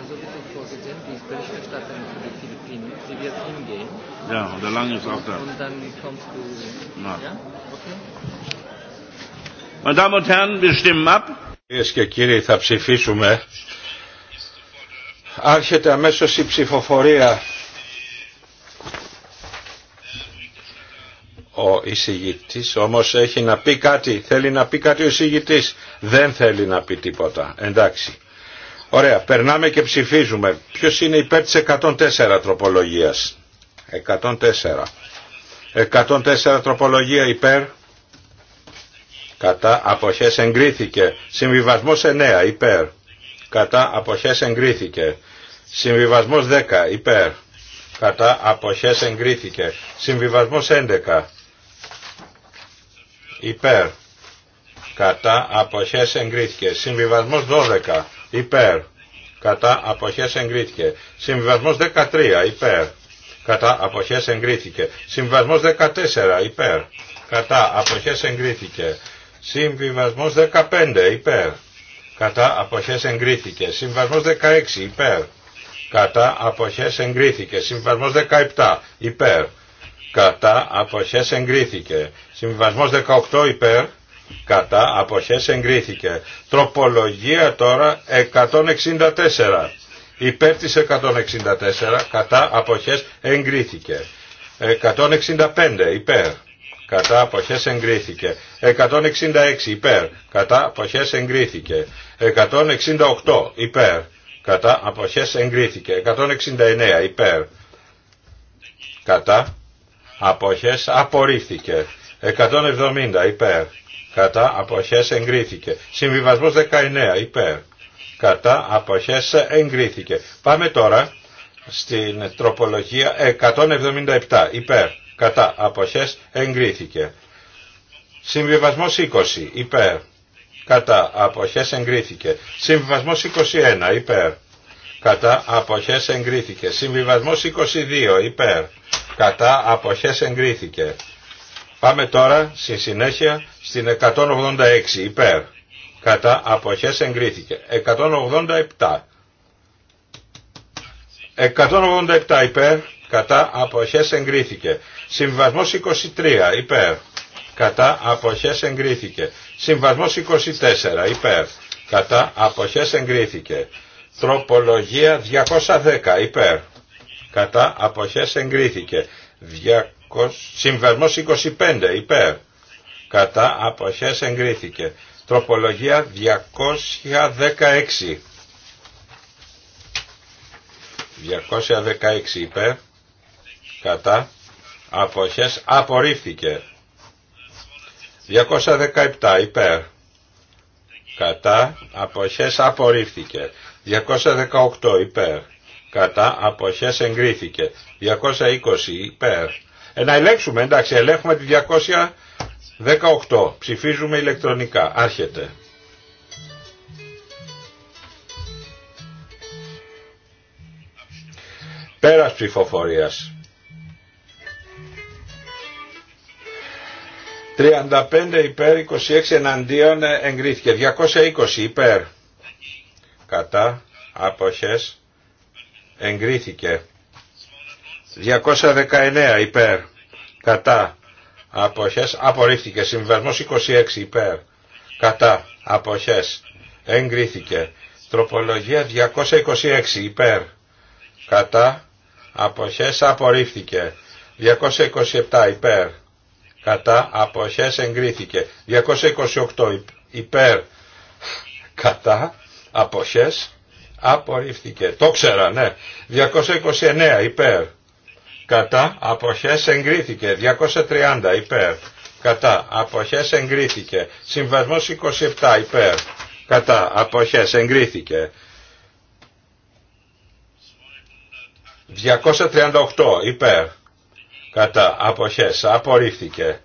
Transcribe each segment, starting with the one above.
also bitte, Vorsitzende, die Berichterstatterin für die Philippinen. Sie wird hingehen. Ja, und der Lange ist auch da. Und dann kommst du. Na. Ja? Okay. Meine Damen und Herren, wir stimmen ab. Κυρίες και κύριοι, θα ψηφίσουμε. Άρχεται αμέσως η ψηφοφορία. Ο εισηγητής όμως έχει να πει κάτι. Θέλει να πει κάτι ο εισηγητής. Δεν θέλει να πει τίποτα. Εντάξει. Ωραία, περνάμε και ψηφίζουμε. Ποιος είναι υπέρ της 104 τροπολογίας. 104. 104 τροπολογία υπέρ. Κατά αποχές εγκρίθηκε. Συμβιβασμός 9 υπέρ. Κατά αποχές εγκρίθηκε. Συμβιβασμός 10 υπέρ. Κατά αποχές εγκρίθηκε. Συμβιβασμός 11 υπέρ. Κατά αποχές εγκρίθηκε. Συμβιβασμός 12 υπέρ, κατά αποχές εγκρίθηκε. Συμβιβασμός 13 υπέρ, κατά αποχές εγκρίθηκε. Συμβιβασμός 14 υπέρ, κατά αποχές εγκρίθηκε. Συμβιβασμός 15 υπέρ, κατά αποχές εγκρίθηκε. Συμβιβασμός 16 υπέρ, κατά αποχές εγκρίθηκε. Συμβιβασμός 17 υπέρ, κατά αποχές εγκρίθηκε. Συμβιβασμός 18 υπέρ, κατά αποχές εγκρίθηκε. Τροπολογία τώρα 164. Υπέρ της 164 κατά αποχές εγκρίθηκε. 165 υπέρ κατά αποχές εγκρίθηκε. 166 υπέρ κατά αποχές εγκρίθηκε. 168 υπέρ κατά αποχές εγκρίθηκε. 169 υπέρ κατά αποχές απορρίφθηκε. 170 υπέρ κατά αποχές εγκρίθηκε. Συμβιβασμός 19 υπέρ, κατά αποχές εγκρίθηκε. Πάμε τώρα στην τροπολογία 177 υπέρ, κατά αποχές εγκρίθηκε. Συμβιβασμός 20 υπέρ, κατά αποχές εγκρίθηκε. Συμβιβασμός 21 υπέρ, κατά αποχές εγκρίθηκε. Συμβιβασμός 22 υπέρ, κατά αποχές εγκρίθηκε. Πάμε τώρα στη συνέχεια στην 186 υπέρ κατά αποχές εγκρίθηκε 187 187 υπέρ κατά αποχές εγκρίθηκε συμβασμός 23 υπέρ κατά αποχές εγκρίθηκε συμβασμός 24 υπέρ κατά αποχές εγκρίθηκε τροπολογία 210 υπέρ κατά αποχές εγκρίθηκε 200... συμβασμός 25 υπέρ κατά αποχές εγκρίθηκε. Τροπολογία 216. 216 υπέρ, κατά, αποχές, απορρίφθηκε. 217 υπέρ, κατά, αποχές, απορρίφθηκε. 218 υπέρ, κατά, αποχές, εγκρίθηκε. 220 υπέρ. Ε, να ελέγξουμε, εντάξει, ελέγχουμε τη 200 18. Ψηφίζουμε ηλεκτρονικά. Άρχεται. Πέρας ψηφοφορίας. 35 υπέρ, 26 εναντίον ε, εγκρίθηκε. 220 υπέρ. Κατά. Άποχες. Εγκρίθηκε. 219 υπέρ. Κατά αποχές απορρίφθηκε. Συμβασμός 26 υπέρ κατά αποχές εγκρίθηκε. Τροπολογία 226 υπέρ κατά αποχές απορρίφθηκε. 227 υπέρ κατά αποχές εγκρίθηκε. 228 υπέρ κατά αποχές απορρίφθηκε. Το ξέρα ναι. 229 υπέρ κατά αποχές εγκρίθηκε 230 υπέρ κατά αποχές εγκρίθηκε συμβασμός 27 υπέρ κατά αποχές εγκρίθηκε 238 υπέρ κατά αποχές απορρίφθηκε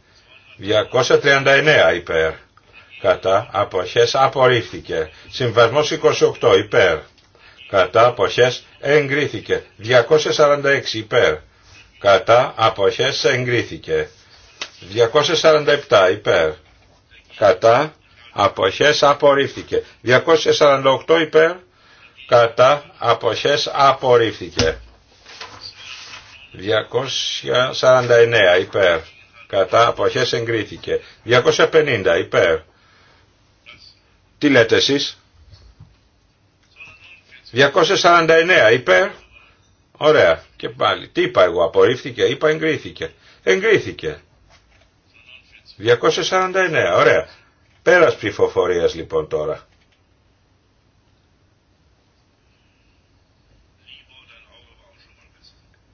239 υπέρ κατά αποχές απορρίφθηκε συμβασμός 28 υπέρ κατά αποχές εγκρίθηκε 246 υπέρ κατά αποχές εγκρίθηκε. 247 υπέρ κατά αποχές απορρίφθηκε. 248 υπέρ κατά αποχές απορρίφθηκε. 249 υπέρ κατά αποχές εγκρίθηκε. 250 υπέρ. Τι λέτε εσείς. 249 υπέρ. Ωραία. Και πάλι, τι είπα εγώ, απορρίφθηκε, είπα εγκρίθηκε. Εγκρίθηκε. 249, ωραία. Πέρας ψηφοφορίας λοιπόν τώρα.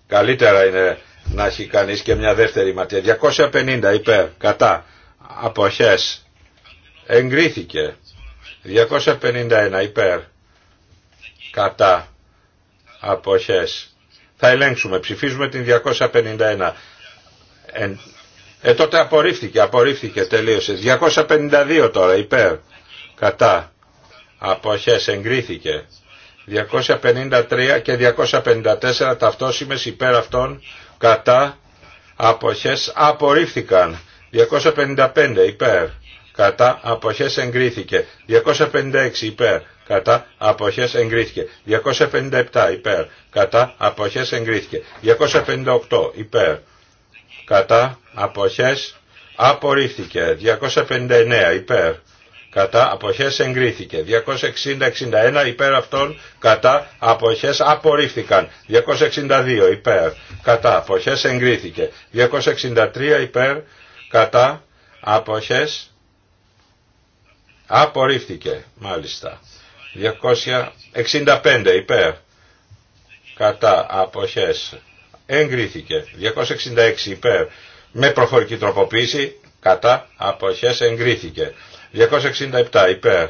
Καλύτερα είναι να έχει κανεί και μια δεύτερη ματιά. 250 υπέρ, κατά, αποχές, εγκρίθηκε. 251 υπέρ, κατά, αποχές, θα ελέγξουμε. Ψηφίζουμε την 251. Ε, ε, τότε απορρίφθηκε, απορρίφθηκε, τελείωσε. 252 τώρα, υπέρ, κατά, αποχές, εγκρίθηκε. 253 και 254 ταυτόσημες υπέρ αυτών, κατά, αποχές, απορρίφθηκαν. 255 υπέρ, κατά αποχές εγκρίθηκε. 256 υπέρ, κατά αποχές εγκρίθηκε. 257 υπέρ, κατά αποχές εγκρίθηκε. 258 υπέρ, κατά αποχές απορρίφθηκε. 259 υπέρ, κατά αποχές εγκρίθηκε. 260-61 υπέρ αυτών κατά αποχές απορρίφθηκαν. 262 υπέρ κατά αποχές εγκρίθηκε. 263 υπέρ κατά αποχές Απορρίφθηκε, μάλιστα. 265 υπέρ. Κατά αποχές. Εγκρίθηκε. 266 υπέρ. Με προφορική τροποποίηση. Κατά αποχές εγκρίθηκε. 267 υπέρ.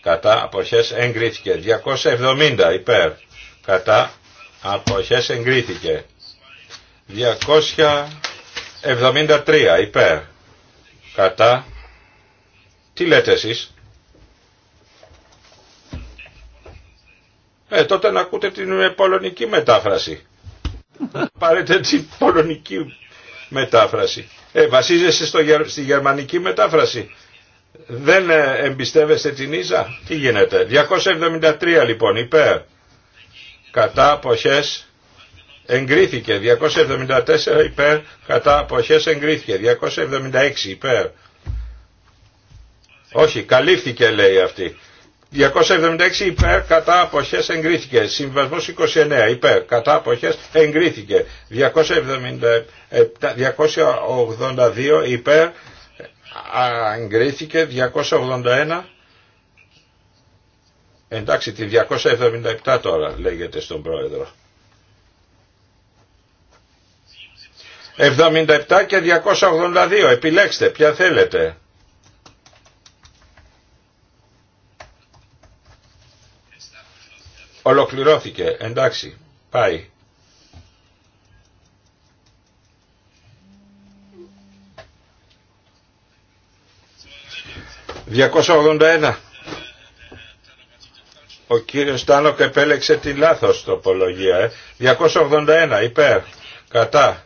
Κατά αποχές εγκρίθηκε. 270 υπέρ. Κατά αποχές εγκρίθηκε. 273 υπέρ. Κατά τι λέτε εσείς. Ε, τότε να ακούτε την ε, πολωνική μετάφραση. Πάρετε την πολωνική μετάφραση. Ε, βασίζεσαι στο, στη γερμανική μετάφραση. Δεν ε, εμπιστεύεστε την Ίζα. Τι γίνεται. 273 λοιπόν υπέρ. Κατά αποχές εγκρίθηκε. 274 υπέρ. Κατά αποχές εγκρίθηκε. 276 υπέρ. Όχι, καλύφθηκε λέει αυτή. 276 υπέρ, κατά αποχές εγκρίθηκε. Συμβασμός 29 υπέρ, κατά αποχές εγκρίθηκε. 282 υπέρ, εγκρίθηκε. 281 Εντάξει, τη 277 τώρα λέγεται στον πρόεδρο. 77 και 282, επιλέξτε ποια θέλετε. Ολοκληρώθηκε. Εντάξει. Πάει. «281. Ο κύριος Τάνοκ επέλεξε τη λάθος τοπολογία. 281. Ε. Υπέρ. Κατά.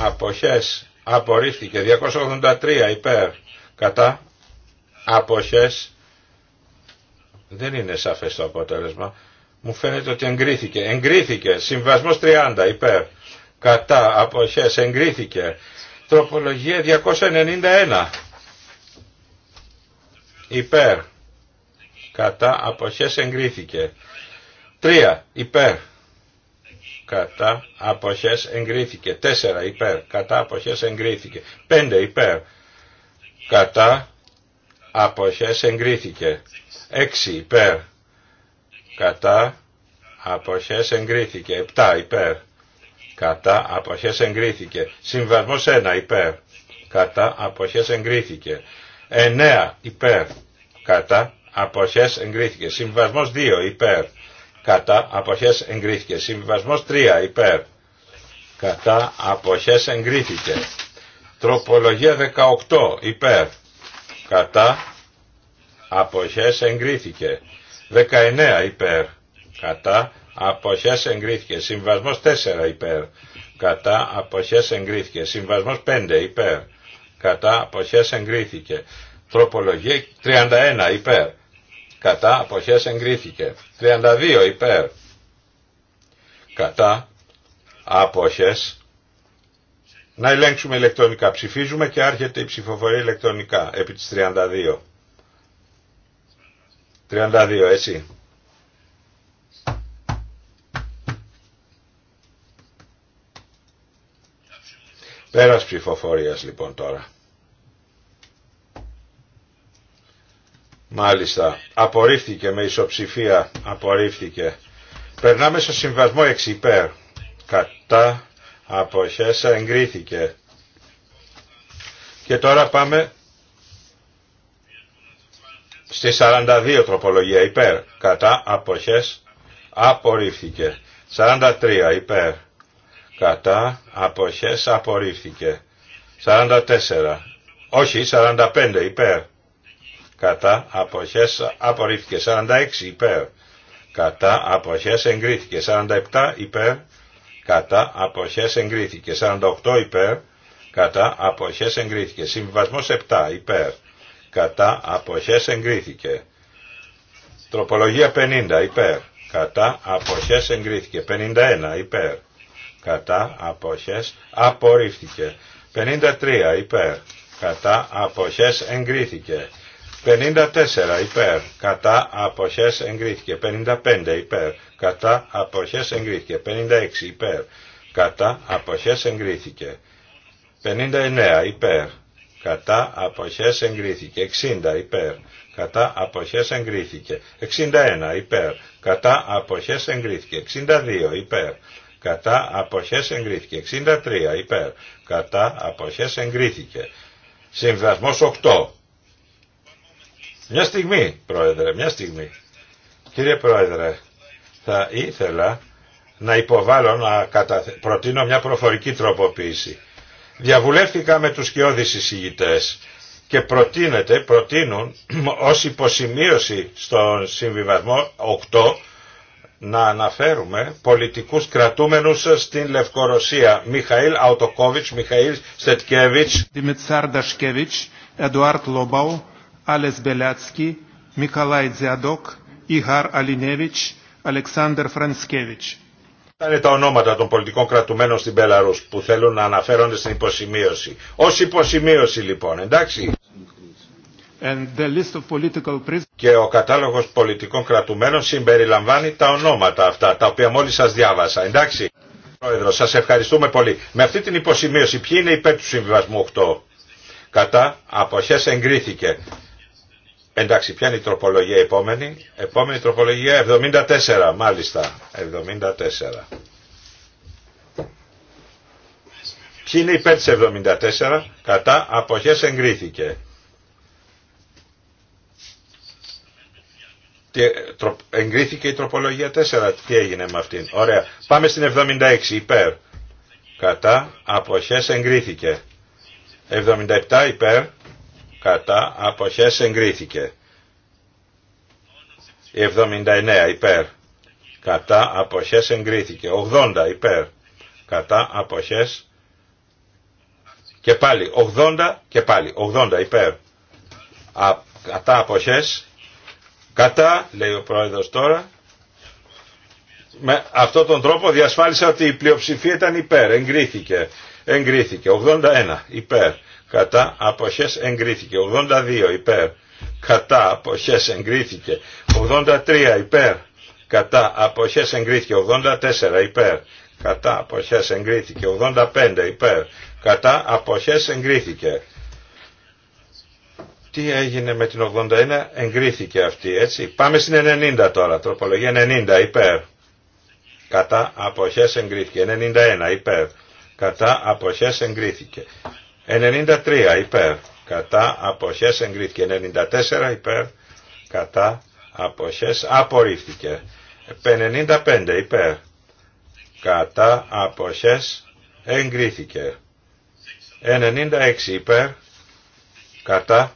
Αποχές. Απορρίφθηκε. 283. Υπέρ. Κατά. Αποχές. Δεν είναι σαφές το αποτέλεσμα. Μου φαίνεται ότι εγκρίθηκε. Εγκρίθηκε. Συμβασμός 30 υπέρ. Κατά. Αποχές. Εγκρίθηκε. Τροπολογία 291. Υπέρ. Κατά. Αποχές. Εγκρίθηκε. 3. Υπέρ. Κατά. Αποχές. Εγκρίθηκε. 4. Υπέρ. Κατά. Αποχές. Εγκρίθηκε. 5. Υπέρ. Κατά αποχές εγκρίθηκε. 6 υπέρ κατά αποχές εγκρίθηκε. 7 υπέρ κατά αποχές εγκρίθηκε. Συμβασμός 1 υπέρ κατά αποχές εγκρίθηκε. 9 υπέρ κατά αποχές εγκρίθηκε. Συμβασμός 2 υπέρ κατά αποχές εγκρίθηκε. Συμβασμός 3 υπέρ κατά αποχές εγκρίθηκε. Τροπολογία 18 υπέρ κατά αποχές εγκρίθηκε. 19 υπέρ κατά αποχές εγκρίθηκε. Συμβασμός 4 υπέρ κατά αποχές εγκρίθηκε. Συμβασμός 5 υπέρ κατά αποχές εγκρίθηκε. Τροπολογία 31 υπέρ κατά αποχές εγκρίθηκε. 32 υπέρ κατά αποχές να ελέγξουμε ηλεκτρονικά. Ψηφίζουμε και άρχεται η ψηφοφορία ηλεκτρονικά επί της 32. 32, έτσι. Πέρας ψηφοφορίας λοιπόν τώρα. Μάλιστα. Απορρίφθηκε με ισοψηφία. Απορρίφθηκε. Περνάμε στο συμβασμό 6 υπέρ. Κατά Χέσα εγκρίθηκε. Και τώρα πάμε στη 42 τροπολογία υπέρ κατά αποχές απορρίφθηκε. 43 υπέρ κατά αποχές απορρίφθηκε. 44 όχι 45 υπέρ κατά αποχές απορρίφθηκε. 46 υπέρ κατά αποχές εγκρίθηκε. 47 υπέρ κατά αποχές εγκρίθηκε. 48 υπέρ κατά αποχές εγκρίθηκε. Συμβιβασμός 7 υπέρ κατά αποχές εγκρίθηκε. Τροπολογία 50 υπέρ κατά αποχές εγκρίθηκε. 51 υπέρ κατά αποχές απορρίφθηκε. 53 υπέρ κατά αποχές εγκρίθηκε. 54 υπέρ, κατά αποχές εγκρίθηκε. 55 υπέρ, κατά αποχές εγκρίθηκε. 56 υπέρ, κατά αποχές εγκρίθηκε. 59 υπέρ, κατά αποχές εγκρίθηκε. 60 υπέρ, κατά αποχές εγκρίθηκε. 61 υπέρ, κατά αποχές εγκρίθηκε. 62 υπέρ, κατά αποχές εγκρίθηκε. 63 υπέρ, κατά αποχές εγκρίθηκε. Συμβασμός 8 μια στιγμή, Πρόεδρε, μια στιγμή. Κύριε Πρόεδρε, θα ήθελα να υποβάλω, να προτείνω μια προφορική τροποποίηση. Διαβουλεύτηκα με τους σκιώδεις εισηγητές και προτείνεται, προτείνουν ως υποσημείωση στον συμβιβασμό 8 να αναφέρουμε πολιτικούς κρατούμενους στην Λευκορωσία. Μιχαήλ Αουτοκόβιτς, Μιχαήλ Στετκέβιτς, Ντασκέβιτς, Εντουάρτ Λόμπαου, Άλες Dziadok, Alinevich, Αλεξάνδρ Φρανσκέβιτς. Αυτά είναι τα ονόματα των πολιτικών κρατουμένων στην Πέλαρους που θέλουν να αναφέρονται στην υποσημείωση. Ως υποσημείωση λοιπόν, εντάξει. And the list of political και ο κατάλογος πολιτικών κρατουμένων συμπεριλαμβάνει τα ονόματα αυτά, τα οποία μόλις σας διάβασα, εντάξει. Πρόεδρο, σας ευχαριστούμε πολύ. Με αυτή την υποσημείωση, ποιοι είναι υπέρ του συμβιβασμού 8. Κατά, αποχές εγκρίθηκε. Εντάξει, ποια είναι η τροπολογία επόμενη. Επόμενη τροπολογία 74, μάλιστα. 74. Ποιοι είναι υπέρ της 74, κατά αποχές εγκρίθηκε. Εγκρίθηκε η τροπολογία 4, τι έγινε με αυτήν. Ωραία, πάμε στην 76, υπέρ. Κατά αποχές εγκρίθηκε. 77 υπέρ, κατά αποχές εγκρίθηκε. 79 υπέρ κατά αποχές εγκρίθηκε. 80 υπέρ κατά αποχές και πάλι 80 και πάλι 80 υπέρ κατά αποχές κατά λέει ο πρόεδρος τώρα με αυτόν τον τρόπο διασφάλισα ότι η πλειοψηφία ήταν υπέρ εγκρίθηκε εγκρίθηκε 81 υπέρ κατά αποχές εγκρίθηκε. 82 υπέρ κατά αποχές εγκρίθηκε. 83 υπέρ κατά αποχές εγκρίθηκε. 84 υπέρ κατά αποχές εγκρίθηκε. 85 υπέρ κατά αποχές εγκρίθηκε. Τι έγινε με την 81, εγκρίθηκε αυτή έτσι. Πάμε στην 90 τώρα, τροπολογία 90 υπέρ. Κατά αποχές εγκρίθηκε. 91 υπέρ. Κατά αποχές εγκρίθηκε. 93 υπέρ κατά αποχές εγκρίθηκε 94 υπέρ κατά αποχές απορρίφθηκε 55 υπέρ κατά αποχές εγκρίθηκε 96 υπέρ κατά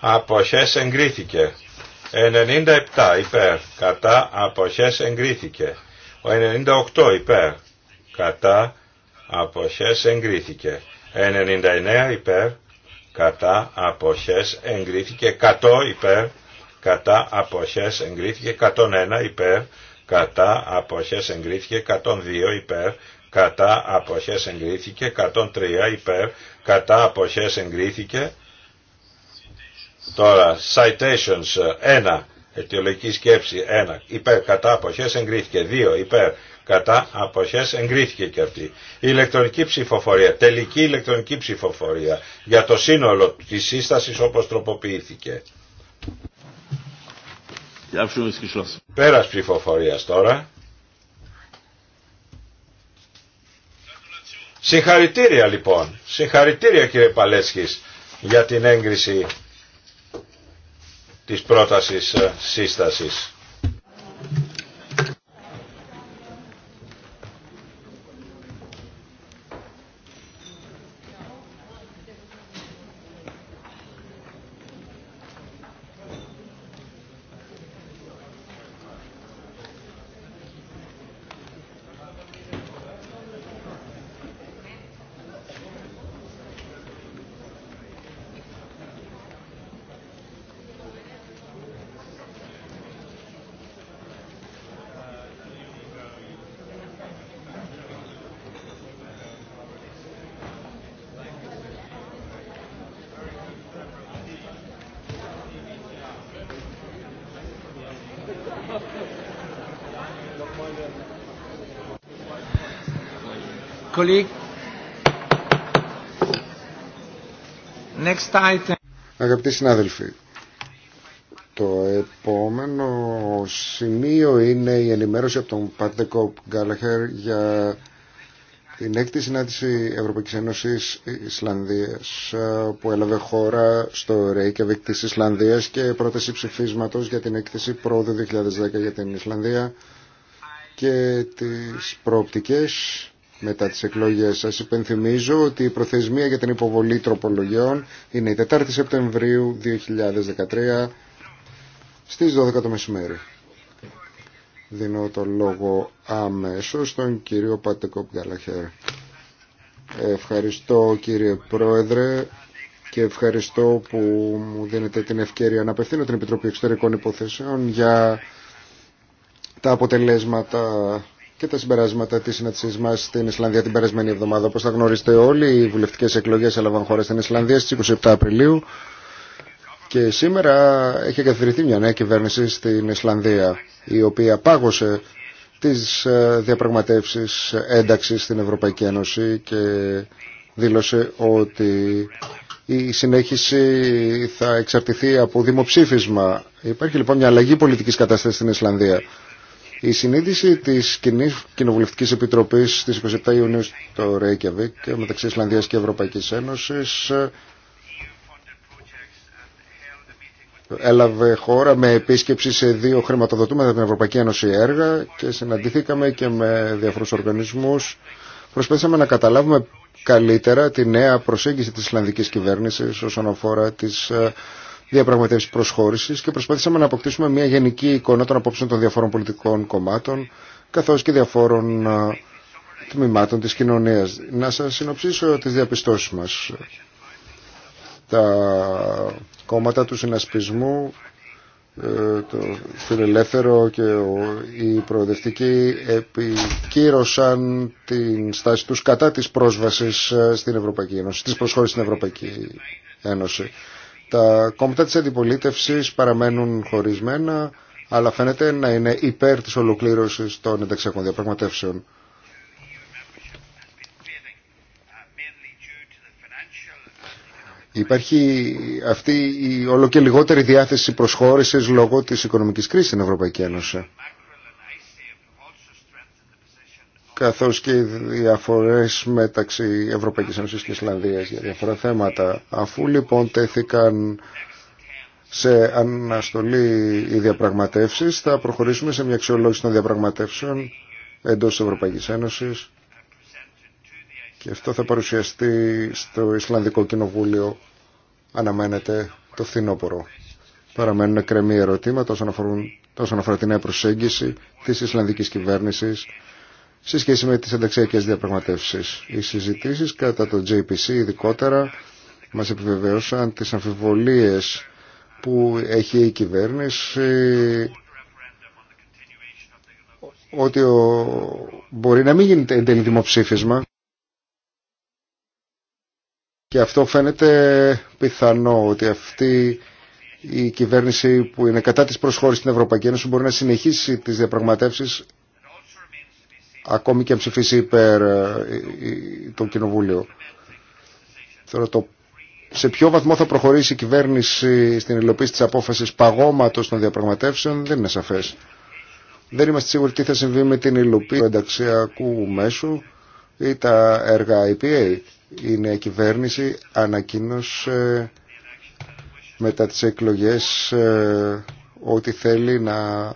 αποχές εγκρίθηκε 97 υπέρ κατά αποχές εγκρίθηκε 98 υπέρ κατά αποχές εγκρίθηκε 99 υπέρ κατά αποχές εγκρίθηκε 100 υπέρ κατά αποχές εγκρίθηκε 101 υπέρ κατά αποχές εγκρίθηκε 102 υπέρ κατά αποχές εγκρίθηκε 103 υπέρ κατά αποχές εγκρίθηκε τώρα citations 1 αιτιολογική σκέψη 1 υπέρ κατά αποχές εγκρίθηκε 2 υπέρ κατά αποχές εγκρίθηκε και αυτή. Η ηλεκτρονική ψηφοφορία, τελική ηλεκτρονική ψηφοφορία για το σύνολο της σύστασης όπως τροποποιήθηκε. Πέρας ψηφοφορία τώρα. Συγχαρητήρια λοιπόν, συγχαρητήρια κύριε Παλέσκης για την έγκριση της πρότασης ε, σύστασης. Αγαπητοί συνάδελφοι, το επόμενο σημείο είναι η ενημέρωση από τον Πατεκό Γκάλαχερ για την έκτη συνάντηση Ευρωπαϊκής Ένωσης Ισλανδίας που έλαβε χώρα στο Ρέικεβικ της Ισλανδίας και πρόταση ψηφίσματος για την έκθεση πρόοδου 2010 για την Ισλανδία και τις προοπτικές μετά τις εκλογές. Σας υπενθυμίζω ότι η προθεσμία για την υποβολή τροπολογιών είναι η 4η Σεπτεμβρίου 2013 στις 12 το μεσημέρι. Δίνω το λόγο αμέσως στον κύριο Πατεκόπ Γκαλαχέρ. Ευχαριστώ κύριε Πρόεδρε και ευχαριστώ που μου δίνετε την ευκαιρία να απευθύνω την Επιτροπή Εξωτερικών Υποθέσεων για τα αποτελέσματα και τα συμπεράσματα τη συνάντησή μα στην Ισλανδία την περασμένη εβδομάδα. Όπω θα γνωρίζετε όλοι, οι βουλευτικέ εκλογέ έλαβαν χώρα στην Ισλανδία στι 27 Απριλίου και σήμερα έχει εγκαθιδρυθεί μια νέα κυβέρνηση στην Ισλανδία, η οποία πάγωσε τι ε, διαπραγματεύσει ένταξη στην Ευρωπαϊκή Ένωση και δήλωσε ότι η συνέχιση θα εξαρτηθεί από δημοψήφισμα. Υπάρχει λοιπόν μια αλλαγή πολιτικής κατάστασης στην Ισλανδία η συνείδηση της κοινή κοινοβουλευτική Επιτροπής στις 27 Ιουνίου στο Ρέικιαβικ μεταξύ Ισλανδία και Ευρωπαϊκή Ένωση. έλαβε χώρα με επίσκεψη σε δύο χρηματοδοτούμενα από την Ευρωπαϊκή Ένωση έργα και συναντήθηκαμε και με διάφορου Οργανισμού. Προσπαθήσαμε να καταλάβουμε καλύτερα τη νέα προσέγγιση της Ισλανδικής κυβέρνησης όσον αφορά τις ε, διαπραγματεύσει προσχώρηση και προσπαθήσαμε να αποκτήσουμε μια γενική εικόνα των απόψεων των διαφόρων πολιτικών κομμάτων καθώ και διαφόρων τμήματων τη κοινωνία. Να σα συνοψίσω τι διαπιστώσει μα. Τα κόμματα του συνασπισμού, ε, το φιλελεύθερο και οι προοδευτικοί επικύρωσαν την στάση τους κατά της πρόσβασης ε, στην Ευρωπαϊκή Ένωση, της προσχώρησης στην Ευρωπαϊκή Ένωση. Τα κόμματα της αντιπολίτευσης παραμένουν χωρισμένα, αλλά φαίνεται να είναι υπέρ της ολοκλήρωσης των ενταξιακών διαπραγματεύσεων. Υπάρχει αυτή η όλο και λιγότερη διάθεση προσχώρησης λόγω της οικονομικής κρίσης στην Ευρωπαϊκή Ένωση καθώς και οι διαφορές μεταξύ Ευρωπαϊκής Ένωσης και Ισλανδίας για διάφορα θέματα. Αφού λοιπόν τέθηκαν σε αναστολή οι διαπραγματεύσεις, θα προχωρήσουμε σε μια αξιολόγηση των διαπραγματεύσεων εντός της Ευρωπαϊκής Ένωσης και αυτό θα παρουσιαστεί στο Ισλανδικό Κοινοβούλιο, αναμένεται το φθινόπωρο. Παραμένουν εκκρεμή ερωτήματα όσον, αφορά την νέα προσέγγιση της Ισλανδικής κυβέρνησης σε σχέση με τις ενταξιακές διαπραγματεύσεις. Οι συζητήσεις κατά το JPC ειδικότερα μας επιβεβαίωσαν τις αμφιβολίες που έχει η κυβέρνηση ότι μπορεί να μην γίνεται εν ψήφισμα δημοψήφισμα και αυτό φαίνεται πιθανό ότι αυτή η κυβέρνηση που είναι κατά της προσχώρησης στην Ευρωπαϊκή Ένωση μπορεί να συνεχίσει τις διαπραγματεύσεις ακόμη και αν ψηφίσει υπέρ ε, το Κοινοβούλιο. Τώρα το σε ποιο βαθμό θα προχωρήσει η κυβέρνηση στην υλοποίηση της απόφασης παγώματος των διαπραγματεύσεων δεν είναι σαφές. Δεν είμαστε σίγουροι τι θα συμβεί με την υλοποίηση του ενταξιακού μέσου ή τα έργα IPA. Η νέα κυβέρνηση ανακοίνωσε μετά τις εκλογές ε, ότι θέλει να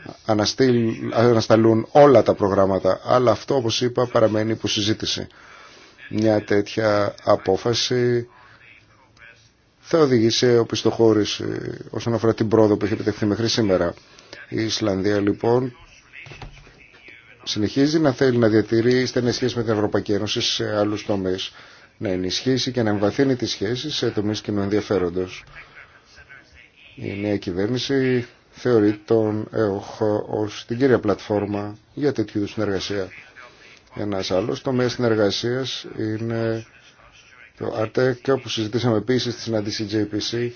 ανασταλούν όλα τα προγράμματα. Αλλά αυτό, όπως είπα, παραμένει υποσυζήτηση. Μια τέτοια απόφαση θα οδηγήσει σε οπισθοχώρηση όσον αφορά την πρόοδο που έχει επιτευχθεί μέχρι σήμερα. Η Ισλανδία, λοιπόν, συνεχίζει να θέλει να διατηρεί στενές σχέσεις με την Ευρωπαϊκή Ένωση σε άλλους τομείς, να ενισχύσει και να εμβαθύνει τις σχέσεις σε τομείς κοινού ενδιαφέροντος. Η νέα κυβέρνηση θεωρεί τον ΕΟΧ ως την κύρια πλατφόρμα για τέτοιου είδους συνεργασία. Ένας άλλος τομέας συνεργασία είναι το ΑΡΤΕΚ που συζητήσαμε επίση στη συνάντηση JPC.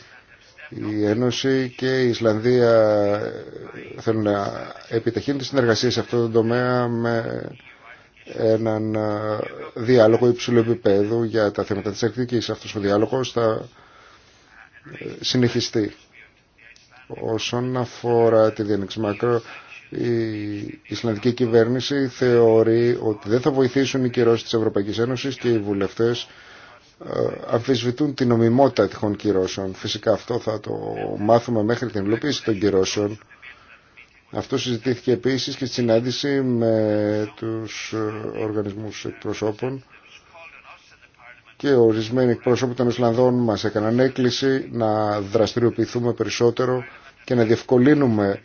Η Ένωση και η Ισλανδία ε, θέλουν να επιταχύνουν τη συνεργασία σε αυτό το τομέα με έναν ε, διάλογο υψηλού επίπεδου για τα θέματα της Αρκτικής. Αυτός ο διάλογος θα ε, συνεχιστεί Όσον αφορά τη διανοίξη μακρό, η Ισλανδική κυβέρνηση θεωρεί ότι δεν θα βοηθήσουν οι κυρώσει της Ευρωπαϊκής Ένωσης και οι βουλευτές ε, αμφισβητούν την ομιμότητα τυχών κυρώσεων. Φυσικά αυτό θα το μάθουμε μέχρι την υλοποίηση των κυρώσεων. Αυτό συζητήθηκε επίσης και στη συνάντηση με τους ε, οργανισμούς εκπροσώπων και ορισμένοι εκπρόσωποι των Ισλανδών μας έκαναν έκκληση να δραστηριοποιηθούμε περισσότερο και να διευκολύνουμε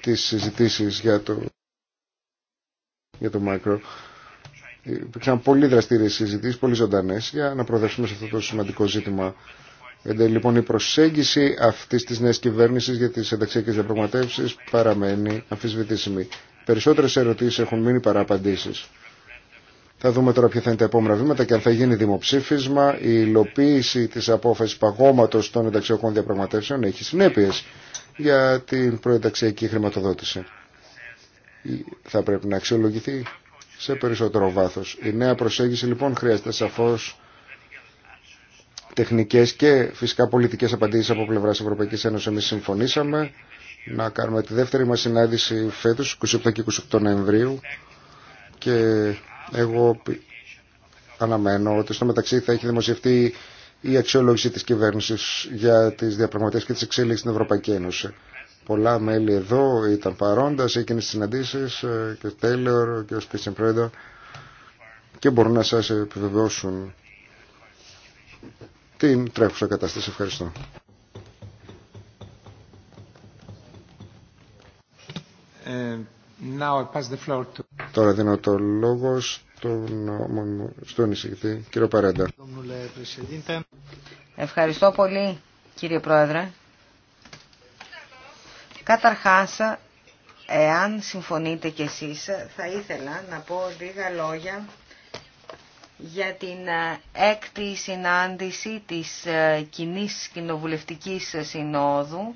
τις συζητήσεις για το, για το Μάκρο. Υπήρξαν πολύ δραστήριες συζητήσεις, πολύ ζωντανές για να προδεύσουμε σε αυτό το σημαντικό ζήτημα. Ε, λοιπόν, η προσέγγιση αυτή τη νέα κυβέρνηση για τις ενταξιακές διαπραγματεύσει παραμένει αμφισβητήσιμη. Περισσότερε ερωτήσει έχουν μείνει παρά απαντήσει. Θα δούμε τώρα ποια θα είναι τα επόμενα βήματα και αν θα γίνει δημοψήφισμα. Η υλοποίηση της απόφασης παγώματος των ενταξιακών διαπραγματεύσεων έχει συνέπειες για την προενταξιακή χρηματοδότηση. Θα πρέπει να αξιολογηθεί σε περισσότερο βάθος. Η νέα προσέγγιση λοιπόν χρειάζεται σαφώς τεχνικές και φυσικά πολιτικές απαντήσεις από πλευράς Ευρωπαϊκή Ένωση. Εμείς συμφωνήσαμε να κάνουμε τη δεύτερη μα συνάντηση φέτος, 27 και 28 Νοεμβρίου και εγώ αναμένω ότι στο μεταξύ θα έχει δημοσιευτεί η αξιολόγηση της κυβέρνησης για τις διαπραγματεύσεις και τις εξέλιξεις στην Ευρωπαϊκή Ένωση. Πολλά μέλη εδώ ήταν παρόντας, εκείνες τις συναντήσεις ε, και ο Τέιλερ και ο Σπίτσεν Πρέντα και μπορούν να σας επιβεβαιώσουν την τρέχουσα κατάσταση. Ευχαριστώ. Ε, now I pass the floor to... Τώρα δίνω το λόγο στον, στον εισηγητή, κύριο Παρέντα. Ευχαριστώ πολύ, κύριε Πρόεδρε. Καταρχάς, εάν συμφωνείτε κι εσείς, θα ήθελα να πω λίγα λόγια για την ε, έκτη συνάντηση της ε, κοινή Κοινοβουλευτικής Συνόδου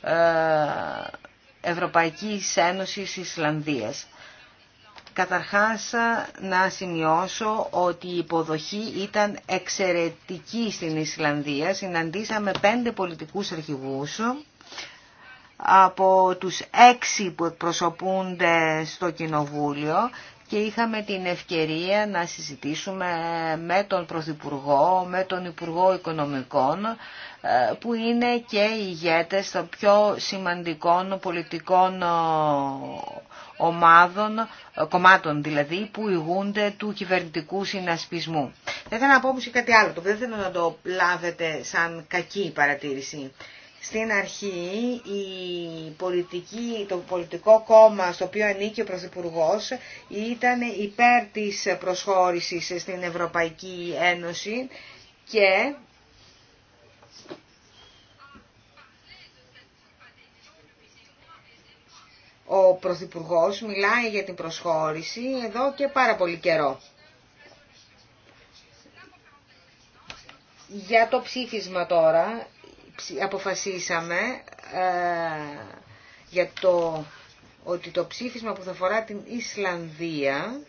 ε, Ευρωπαϊκής Ένωσης Ισλανδίας. Καταρχάς να σημειώσω ότι η υποδοχή ήταν εξαιρετική στην Ισλανδία. Συναντήσαμε πέντε πολιτικούς αρχηγούς από τους έξι που εκπροσωπούνται στο Κοινοβούλιο και είχαμε την ευκαιρία να συζητήσουμε με τον Πρωθυπουργό, με τον Υπουργό Οικονομικών, ε, που είναι και ηγέτες των πιο σημαντικών πολιτικών ε, ομάδων, ε, κομμάτων δηλαδή, που ηγούνται του κυβερνητικού συνασπισμού. Δεν θέλω να πω όμως και κάτι άλλο, το δεν θέλω να το λάβετε σαν κακή παρατήρηση. Στην αρχή η πολιτική, το πολιτικό κόμμα στο οποίο ανήκει ο Πρωθυπουργό ήταν υπέρ της προσχώρησης στην Ευρωπαϊκή Ένωση και ο Πρωθυπουργό μιλάει για την προσχώρηση εδώ και πάρα πολύ καιρό. Για το ψήφισμα τώρα, αποφασίσαμε ε, για το ότι το ψήφισμα που θα αφορά την Ισλανδία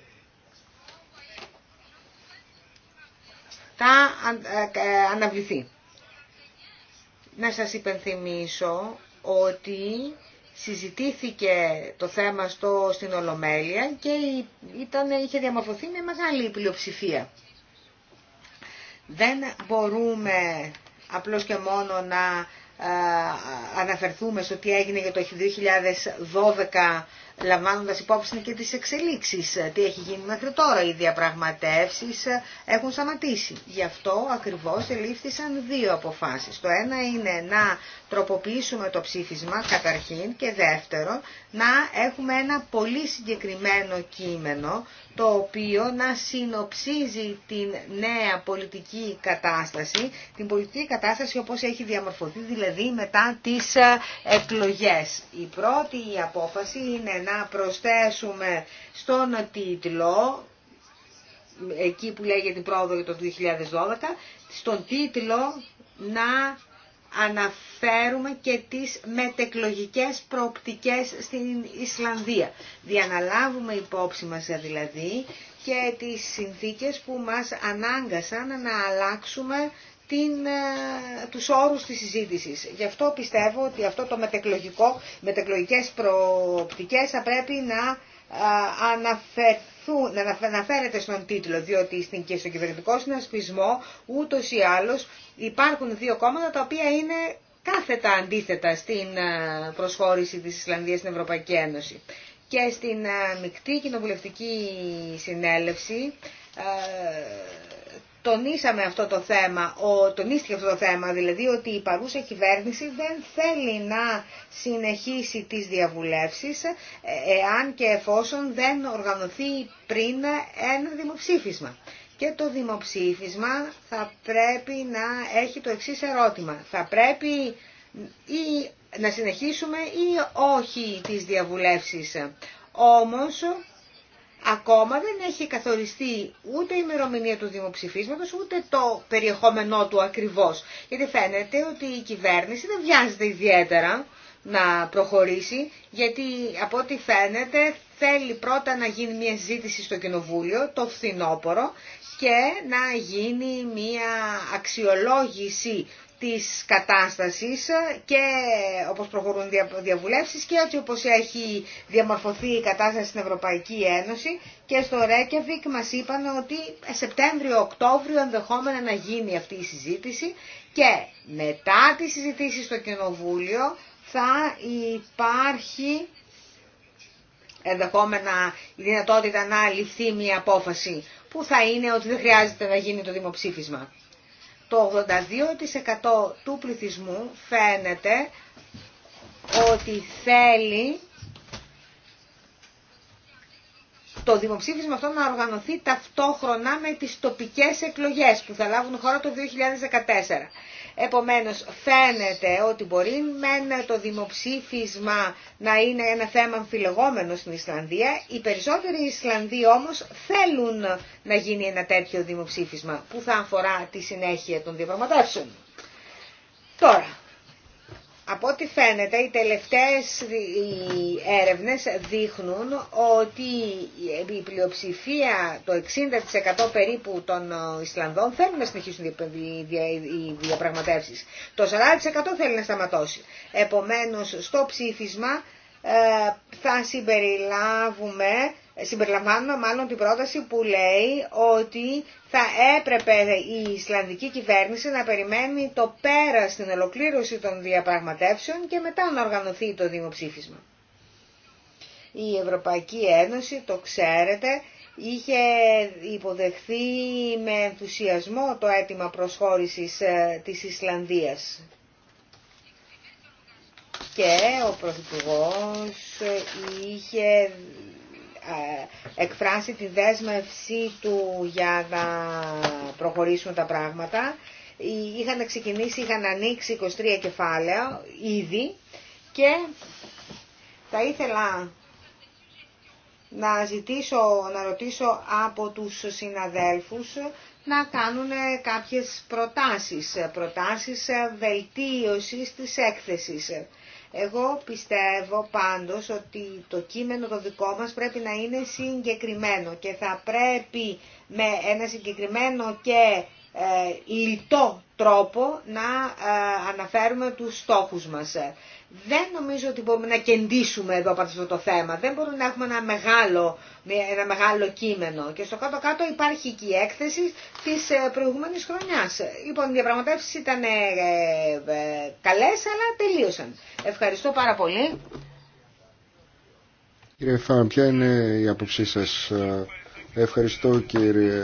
θα ε, ε, αναβληθεί. Να σας υπενθυμίσω ότι συζητήθηκε το θέμα στο, στην Ολομέλεια και ήταν, είχε διαμορφωθεί με μεγάλη πλειοψηφία. Δεν μπορούμε απλώς και μόνο να ε, αναφερθούμε στο τι έγινε για το 2012 λαμβάνοντας υπόψη και τις εξελίξεις, ε, τι έχει γίνει μέχρι τώρα. Οι διαπραγματεύσεις ε, έχουν σταματήσει. Γι' αυτό ακριβώς ελήφθησαν δύο αποφάσεις. Το ένα είναι να τροποποιήσουμε το ψήφισμα καταρχήν και δεύτερο να έχουμε ένα πολύ συγκεκριμένο κείμενο το οποίο να συνοψίζει την νέα πολιτική κατάσταση, την πολιτική κατάσταση όπως έχει διαμορφωθεί δηλαδή μετά τις ε, εκλογές. Η πρώτη απόφαση είναι να προσθέσουμε στον τίτλο, εκεί που λέγεται την πρόοδο για το 2012, στον τίτλο να αναφέρουμε και τις μετεκλογικές προοπτικές στην Ισλανδία. Διαναλάβουμε υπόψη μας δηλαδή και τις συνθήκες που μας ανάγκασαν να αλλάξουμε την, ε, τους όρους της συζήτησης. Γι' αυτό πιστεύω ότι αυτό το μετεκλογικό, μετεκλογικές προοπτικές θα πρέπει να ε, αναφερθούν, να αναφέρεται στον τίτλο, διότι και στο κυβερνητικό συνασπισμό ούτως ή άλλως υπάρχουν δύο κόμματα τα οποία είναι κάθετα αντίθετα στην ε, προσχώρηση της Ισλανδίας στην Ευρωπαϊκή Ένωση. Και στην μεικτή κοινοβουλευτική συνέλευση τονίσαμε αυτό το θέμα, ο, τονίστηκε αυτό το θέμα, δηλαδή ότι η παρούσα κυβέρνηση δεν θέλει να συνεχίσει τις διαβουλεύσεις ε, εάν και εφόσον δεν οργανωθεί πριν ένα δημοψήφισμα. Και το δημοψήφισμα θα πρέπει να έχει το εξής ερώτημα. Θα πρέπει ή να συνεχίσουμε ή όχι τις διαβουλεύσεις. Όμως Ακόμα δεν έχει καθοριστεί ούτε η ημερομηνία του δημοψηφίσματος, ούτε το περιεχόμενό του ακριβώς. Γιατί φαίνεται ότι η κυβέρνηση δεν βιάζεται ιδιαίτερα να προχωρήσει, γιατί από ό,τι φαίνεται θέλει πρώτα να γίνει μια ζήτηση στο Κοινοβούλιο, το φθινόπωρο, και να γίνει μια αξιολόγηση της κατάστασης και όπως προχωρούν διαβουλεύσεις και έτσι όπως έχει διαμορφωθεί η κατάσταση στην Ευρωπαϊκή Ένωση και στο Ρέκεβικ μας είπαν ότι Σεπτέμβριο-Οκτώβριο ενδεχόμενα να γίνει αυτή η συζήτηση και μετά τη συζητήση στο Κοινοβούλιο θα υπάρχει ενδεχόμενα η δυνατότητα να ληφθεί μια απόφαση που θα είναι ότι δεν χρειάζεται να γίνει το δημοψήφισμα το 82% του πληθυσμού φαίνεται ότι θέλει το δημοψήφισμα αυτό να οργανωθεί ταυτόχρονα με τις τοπικές εκλογές που θα λάβουν χώρα το 2014. Επομένως φαίνεται ότι μπορεί μεν το δημοψήφισμα να είναι ένα θέμα αμφιλεγόμενο στην Ισλανδία, οι περισσότεροι Ισλανδοί όμως θέλουν να γίνει ένα τέτοιο δημοψήφισμα που θα αφορά τη συνέχεια των διαπραγματεύσεων. Τώρα, από ό,τι φαίνεται οι τελευταίες έρευνες δείχνουν ότι η πλειοψηφία, το 60% περίπου των ε, Ισλανδών θέλουν να συνεχίσουν οι διαπραγματεύσεις. Το 40% θέλει να σταματώσει. Επομένως στο ψήφισμα ε, θα συμπεριλάβουμε ε, συμπεριλαμβάνουμε μάλλον την πρόταση που λέει ότι θα έπρεπε η Ισλανδική κυβέρνηση να περιμένει το πέρα στην ολοκλήρωση των διαπραγματεύσεων και μετά να οργανωθεί το δημοψήφισμα. Η Ευρωπαϊκή Ένωση, το ξέρετε, είχε υποδεχθεί με ενθουσιασμό το αίτημα προσχώρησης ε, της Ισλανδίας. Και ο Πρωθυπουργός ε, είχε ε, εκφράσει τη δέσμευσή του για να προχωρήσουν τα πράγματα. Είχαν ξεκινήσει, είχαν ανοίξει 23 κεφάλαια ήδη και θα ήθελα να ζητήσω, να ρωτήσω από τους συναδέλφους να κάνουν κάποιες προτάσεις, προτάσεις βελτίωσης της έκθεσης εγώ πιστεύω πάντως ότι το κείμενο το δικό μας πρέπει να είναι συγκεκριμένο και θα πρέπει με ένα συγκεκριμένο και ε, τρόπο να ε, αναφέρουμε τους στόχους μας δεν νομίζω ότι μπορούμε να κεντήσουμε εδώ από αυτό το θέμα. Δεν μπορούμε να έχουμε ένα μεγάλο, ένα μεγάλο κείμενο. Και στο κάτω-κάτω υπάρχει και η έκθεση τη ε, προηγούμενη χρονιά. Λοιπόν, οι διαπραγματεύσεις ήταν ε, ε, καλέ, αλλά τελείωσαν. Ευχαριστώ πάρα πολύ. Κύριε Φάμ, ποια είναι η άποψή σα. Ευχαριστώ κύριε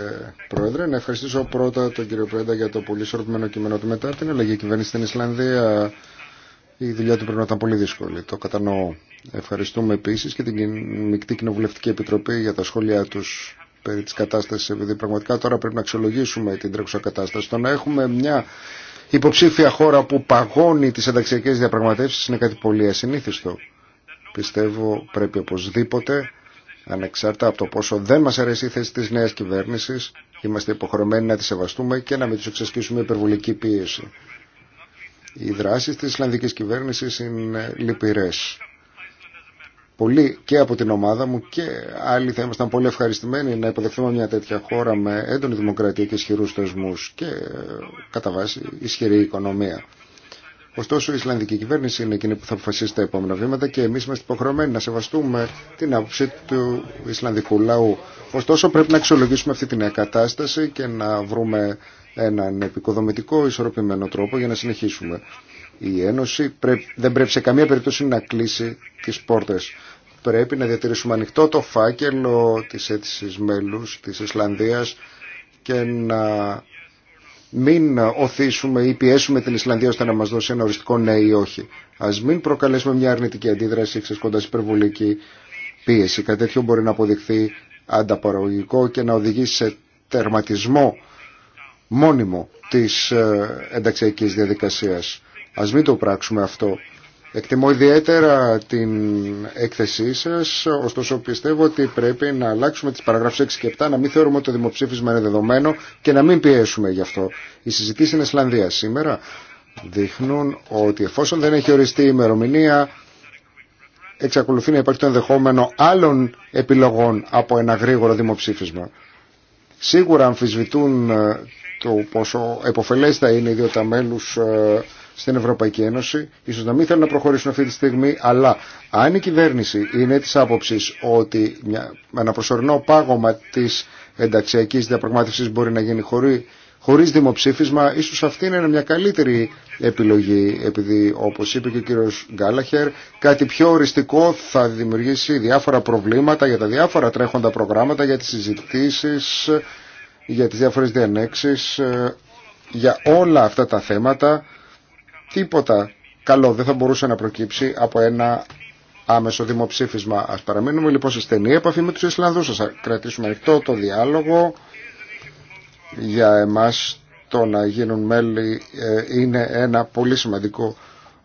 Πρόεδρε. Να ευχαριστήσω πρώτα τον κύριο Πρέντα για το πολύ ισορροπημένο κείμενο του μετά την αλλαγή κυβέρνηση στην Ισλανδία η δουλειά του πρέπει να ήταν πολύ δύσκολη. Το κατανοώ. Ευχαριστούμε επίση και την Μικτή Κοινοβουλευτική Επιτροπή για τα σχόλιά του περί της κατάστασης, επειδή πραγματικά τώρα πρέπει να αξιολογήσουμε την τρέχουσα κατάσταση. Το να έχουμε μια υποψήφια χώρα που παγώνει τι ενταξιακέ διαπραγματεύσει, είναι κάτι πολύ ασυνήθιστο. Πιστεύω πρέπει οπωσδήποτε, ανεξάρτητα από το πόσο δεν μα αρέσει η θέση τη νέα κυβέρνηση. είμαστε υποχρεωμένοι να τη σεβαστούμε και να μην του εξασκήσουμε υπερβολική πίεση. Οι δράσεις της Ισλανδικής κυβέρνησης είναι λυπηρές. Πολλοί και από την ομάδα μου και άλλοι θα ήμασταν πολύ ευχαριστημένοι να υποδεχθούμε μια τέτοια χώρα με έντονη δημοκρατία και ισχυρού θεσμού και ε, κατά βάση ισχυρή οικονομία. Ωστόσο, η Ισλανδική κυβέρνηση είναι εκείνη που θα αποφασίσει τα επόμενα βήματα και εμεί είμαστε υποχρεωμένοι να σεβαστούμε την άποψη του Ισλανδικού λαού. Ωστόσο, πρέπει να αξιολογήσουμε αυτή την κατάσταση και να βρούμε έναν επικοδομητικό ισορροπημένο τρόπο για να συνεχίσουμε. Η Ένωση δεν πρέπει σε καμία περίπτωση να κλείσει τις πόρτες. Πρέπει να διατηρήσουμε ανοιχτό το φάκελο της αίτησης μέλους της Ισλανδίας και να μην οθήσουμε ή πιέσουμε την Ισλανδία ώστε να μας δώσει ένα οριστικό ναι ή όχι. Ας μην προκαλέσουμε μια αρνητική αντίδραση εξασκώντας υπερβολική πίεση. Κάτι τέτοιο μπορεί να αποδειχθεί ανταπαραγωγικό και να οδηγήσει σε τερματισμό μόνιμο της ε, ενταξιακής διαδικασίας. Ας μην το πράξουμε αυτό. Εκτιμώ ιδιαίτερα την έκθεσή σας, ωστόσο πιστεύω ότι πρέπει να αλλάξουμε τις παραγράφους 6 και 7, να μην θεωρούμε ότι το δημοψήφισμα είναι δεδομένο και να μην πιέσουμε γι' αυτό. Οι συζητήσει στην Ισλανδία σήμερα δείχνουν ότι εφόσον δεν έχει οριστεί η ημερομηνία, εξακολουθεί να υπάρχει το ενδεχόμενο άλλων επιλογών από ένα γρήγορο δημοψήφισμα. Σίγουρα αμφισβητούν ε, το πόσο επωφελές θα είναι οι δύο μέλους ε, στην Ευρωπαϊκή Ένωση. Ίσως να μην θέλουν να προχωρήσουν αυτή τη στιγμή, αλλά αν η κυβέρνηση είναι της άποψης ότι ένα προσωρινό πάγωμα της ενταξιακής διαπραγμάτευσης μπορεί να γίνει χωρί χωρίς δημοψήφισμα, ίσως αυτή είναι μια καλύτερη επιλογή, επειδή όπως είπε και ο κύριος Γκάλαχερ, κάτι πιο οριστικό θα δημιουργήσει διάφορα προβλήματα για τα διάφορα τρέχοντα προγράμματα, για τις συζητήσεις, για τις διάφορες διανέξεις, για όλα αυτά τα θέματα, τίποτα καλό δεν θα μπορούσε να προκύψει από ένα άμεσο δημοψήφισμα. Ας παραμείνουμε λοιπόν σε στενή επαφή με τους Ισλανδούς, ας κρατήσουμε ανοιχτό το διάλογο για εμάς το να γίνουν μέλη ε, είναι ένα πολύ σημαντικό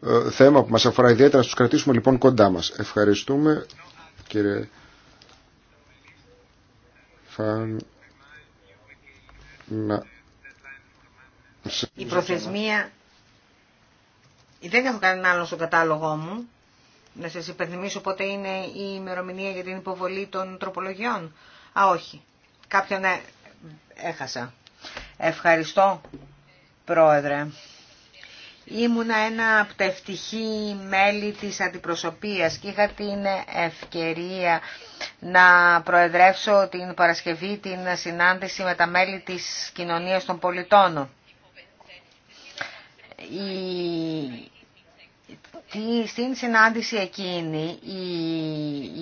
ε, θέμα που μας αφορά ιδιαίτερα να τους κρατήσουμε λοιπόν κοντά μας. Ευχαριστούμε κύριε Φαν... Να... Η προθεσμία δεν έχω κανένα άλλο στο κατάλογό μου να σας υπενθυμίσω πότε είναι η ημερομηνία για την υποβολή των τροπολογιών. Α, όχι. Κάποιον ε, έχασα. Ευχαριστώ, Πρόεδρε. Ήμουνα ένα από τα ευτυχή μέλη της αντιπροσωπείας και είχα την ευκαιρία να προεδρεύσω την Παρασκευή την συνάντηση με τα μέλη της κοινωνίας των πολιτών στην συνάντηση εκείνη η,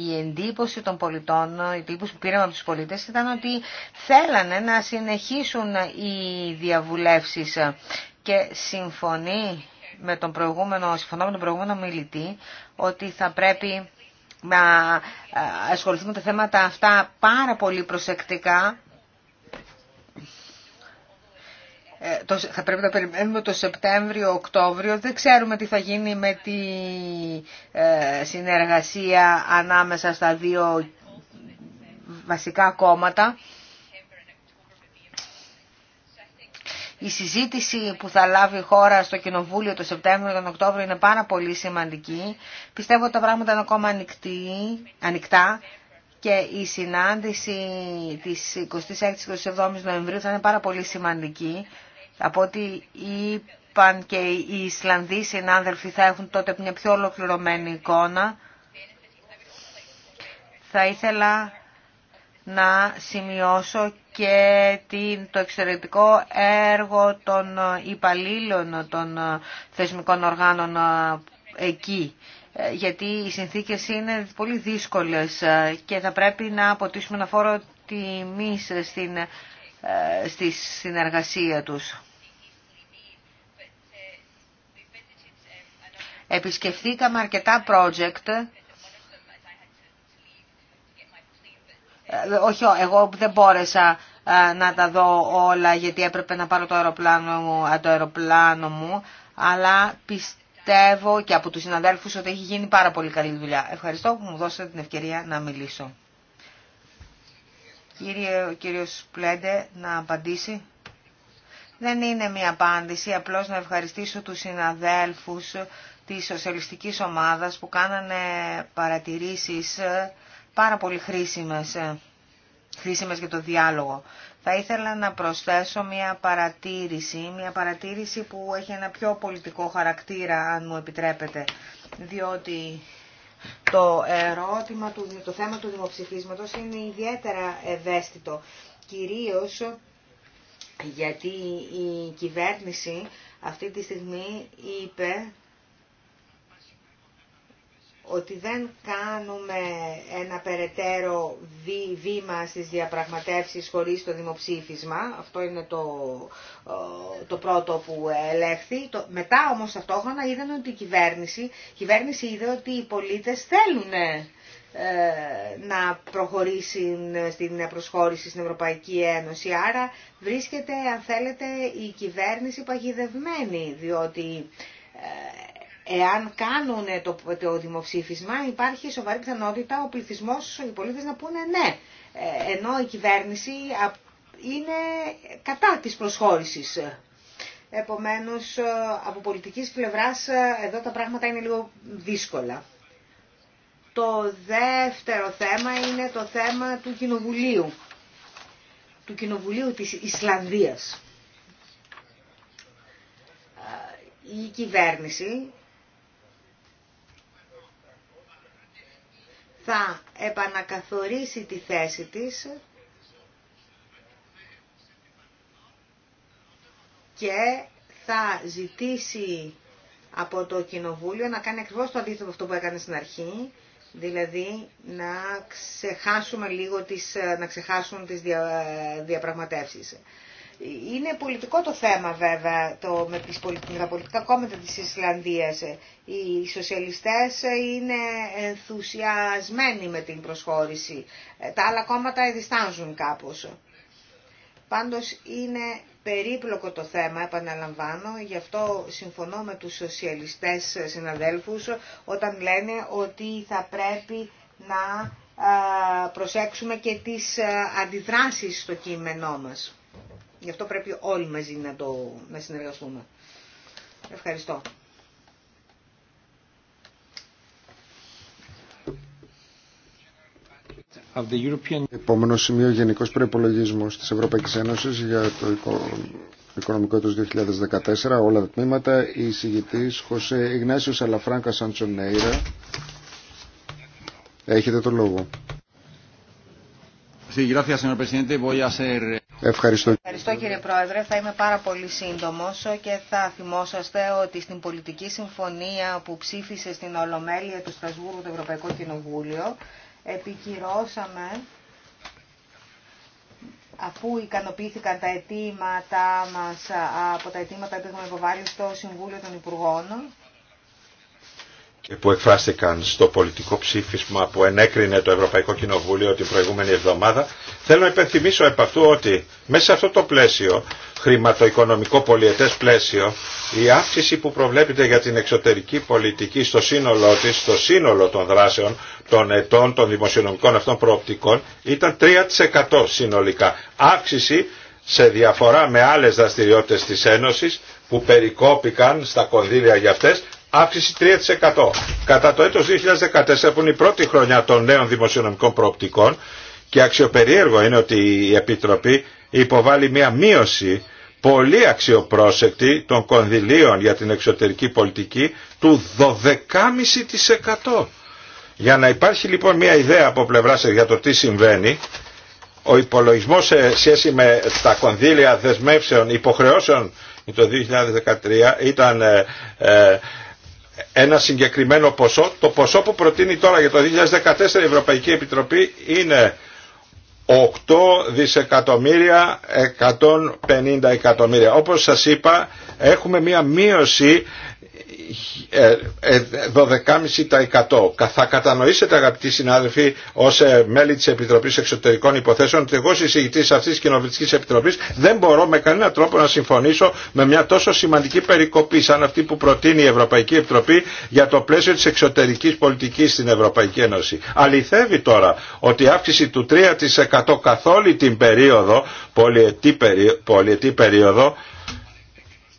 η εντύπωση των πολιτών, η εντύπωση που πήραμε από τους πολίτες ήταν ότι θέλανε να συνεχίσουν οι διαβουλεύσεις και συμφωνεί με τον προηγούμενο, συμφωνώ με τον προηγούμενο μιλητή ότι θα πρέπει να ε, ασχοληθούμε τα θέματα αυτά πάρα πολύ προσεκτικά Ε, θα πρέπει να περιμένουμε το Σεπτέμβριο-Οκτώβριο. Δεν ξέρουμε τι θα γίνει με τη ε, συνεργασία ανάμεσα στα δύο βασικά κόμματα. Η συζήτηση που θα λάβει η χώρα στο Κοινοβούλιο το Σεπτέμβριο τον Οκτώβριο είναι πάρα πολύ σημαντική. Πιστεύω ότι τα πράγματα είναι ακόμα ανοιχτά και η συνάντηση της 26-27 Νοεμβρίου θα είναι πάρα πολύ σημαντική από ό,τι είπαν και οι Ισλανδοί συνάδελφοι θα έχουν τότε μια πιο ολοκληρωμένη εικόνα. Θα ήθελα να σημειώσω και το εξαιρετικό έργο των υπαλλήλων των θεσμικών οργάνων ε, εκεί. Ε, γιατί οι συνθήκες είναι πολύ δύσκολες ε, και θα πρέπει να αποτίσουμε να φόρο τιμής στην, στη συνεργασία τους. Επισκεφθήκαμε αρκετά project ε, όχι, εγώ δεν μπόρεσα ε, να τα δω όλα γιατί έπρεπε να πάρω το αεροπλάνο μου, ε, το αεροπλάνο μου αλλά πιστεύω και από τους συναδέλφους ότι έχει γίνει πάρα πολύ καλή δουλειά. Ευχαριστώ που μου δώσατε την ευκαιρία να μιλήσω. Κύριε, ο κύριος Πλέντε να απαντήσει. Δεν είναι μια απάντηση, απλώς να ευχαριστήσω τους συναδέλφους της σοσιαλιστικής ομάδας που κάνανε παρατηρήσεις ε, πάρα πολύ ε, χρήσιμες, για το διάλογο. Θα ήθελα να προσθέσω μια παρατήρηση, μια παρατήρηση που έχει ένα πιο πολιτικό χαρακτήρα, αν μου επιτρέπετε, διότι το ερώτημα, του, το θέμα του δημοψηφίσματος είναι ιδιαίτερα ευαίσθητο, κυρίως γιατί η κυβέρνηση αυτή τη στιγμή είπε ότι δεν κάνουμε ένα περαιτέρω βήμα στις διαπραγματεύσεις χωρίς το δημοψήφισμα. Αυτό είναι το, ε, το πρώτο που ελέγχθη. μετά όμως ταυτόχρονα είδαμε ότι η κυβέρνηση, η κυβέρνηση είδε ότι οι πολίτες θέλουν ε, να προχωρήσουν στην προσχώρηση στην Ευρωπαϊκή Ένωση. Άρα βρίσκεται, αν θέλετε, η κυβέρνηση παγιδευμένη, διότι ε, Εάν κάνουν το, το δημοψήφισμα υπάρχει σοβαρή πιθανότητα ο πληθυσμό οι πολίτες να πούνε ναι, ε, ενώ η κυβέρνηση είναι κατά της προσχώρηση. Επομένω, ε, από πολιτική πλευρά ε, εδώ τα πράγματα είναι λίγο δύσκολα. Το δεύτερο θέμα είναι το θέμα του Κοινοβουλίου, του Κοινοβουλίου της Ισλανδίας. Η κυβέρνηση θα επανακαθορίσει τη θέση της και θα ζητήσει από το Κοινοβούλιο να κάνει ακριβώς το αντίθετο αυτό που έκανε στην αρχή, δηλαδή να ξεχάσουμε λίγο τις, να ξεχάσουν τις δια, ε, διαπραγματεύσεις. Είναι πολιτικό το θέμα βέβαια το, με, τις, τα πολιτικά κόμματα της Ισλανδίας. Οι σοσιαλιστές είναι ενθουσιασμένοι με την προσχώρηση. Ε, τα άλλα κόμματα εδιστάζουν κάπως. Πάντως είναι περίπλοκο το θέμα, επαναλαμβάνω, γι' αυτό συμφωνώ με τους σοσιαλιστές συναδέλφους όταν λένε ότι θα πρέπει να ε, προσέξουμε και τις ε, αντιδράσεις στο κείμενό μας. Γι' αυτό πρέπει όλοι μαζί να, το, να συνεργαστούμε. Ευχαριστώ. Επόμενο σημείο γενικός προϋπολογισμός της Ευρωπαϊκής Ένωσης για το οικονομικό του 2014, όλα τα τμήματα, η εισηγητής Χωσέ Ιγνάσιος Αλαφράνκα Σαντσονέιρα. Έχετε το λόγο. Sí, gracias, señor Ευχαριστώ. κύριε Πρόεδρε. Θα είμαι πάρα πολύ σύντομος και θα θυμόσαστε ότι στην πολιτική συμφωνία που ψήφισε στην Ολομέλεια του Στρασβούργου το Ευρωπαϊκό Κοινοβούλιο επικυρώσαμε αφού ικανοποιήθηκαν τα αιτήματα μας από τα αιτήματα που έχουμε υποβάλει στο Συμβούλιο των Υπουργών που εκφράστηκαν στο πολιτικό ψήφισμα που ενέκρινε το Ευρωπαϊκό Κοινοβούλιο την προηγούμενη εβδομάδα, θέλω να υπενθυμίσω επ' αυτού ότι μέσα σε αυτό το πλαίσιο, χρηματοοικονομικό πολιετές πλαίσιο, η αύξηση που προβλέπεται για την εξωτερική πολιτική στο σύνολό της, στο σύνολο των δράσεων των ετών των δημοσιονομικών αυτών προοπτικών, ήταν 3% συνολικά. Αύξηση σε διαφορά με άλλες δραστηριότητες της Ένωσης που περικόπηκαν στα κονδύλια για αυτές αύξηση 3%. Κατά το έτος 2014 που είναι η πρώτη χρονιά των νέων δημοσιονομικών προοπτικών και αξιοπερίεργο είναι ότι η Επιτροπή υποβάλλει μια μείωση πολύ αξιοπρόσεκτη των κονδυλίων για την εξωτερική πολιτική του 12,5%. Για να υπάρχει λοιπόν μια ιδέα από πλευρά για το τι συμβαίνει, ο υπολογισμός σε σχέση με τα κονδύλια δεσμεύσεων υποχρεώσεων το 2013 ήταν ε, ε, ένα συγκεκριμένο ποσό. Το ποσό που προτείνει τώρα για το 2014 η Ευρωπαϊκή Επιτροπή είναι 8 δισεκατομμύρια 150 εκατομμύρια. Όπως σας είπα έχουμε μία μείωση 12,5%. Ε, ε, θα κατανοήσετε αγαπητοί συνάδελφοι ως ε, μέλη της Επιτροπής Εξωτερικών Υποθέσεων ότι εγώ ως αυτής της Κοινοβουλευτικής Επιτροπής δεν μπορώ με κανένα τρόπο να συμφωνήσω με μια τόσο σημαντική περικοπή σαν αυτή που προτείνει η Ευρωπαϊκή Επιτροπή για το πλαίσιο της εξωτερικής πολιτικής στην Ευρωπαϊκή Ένωση. Αληθεύει τώρα ότι η αύξηση του 3% καθ' όλη την περίοδο, πολυετή περίοδο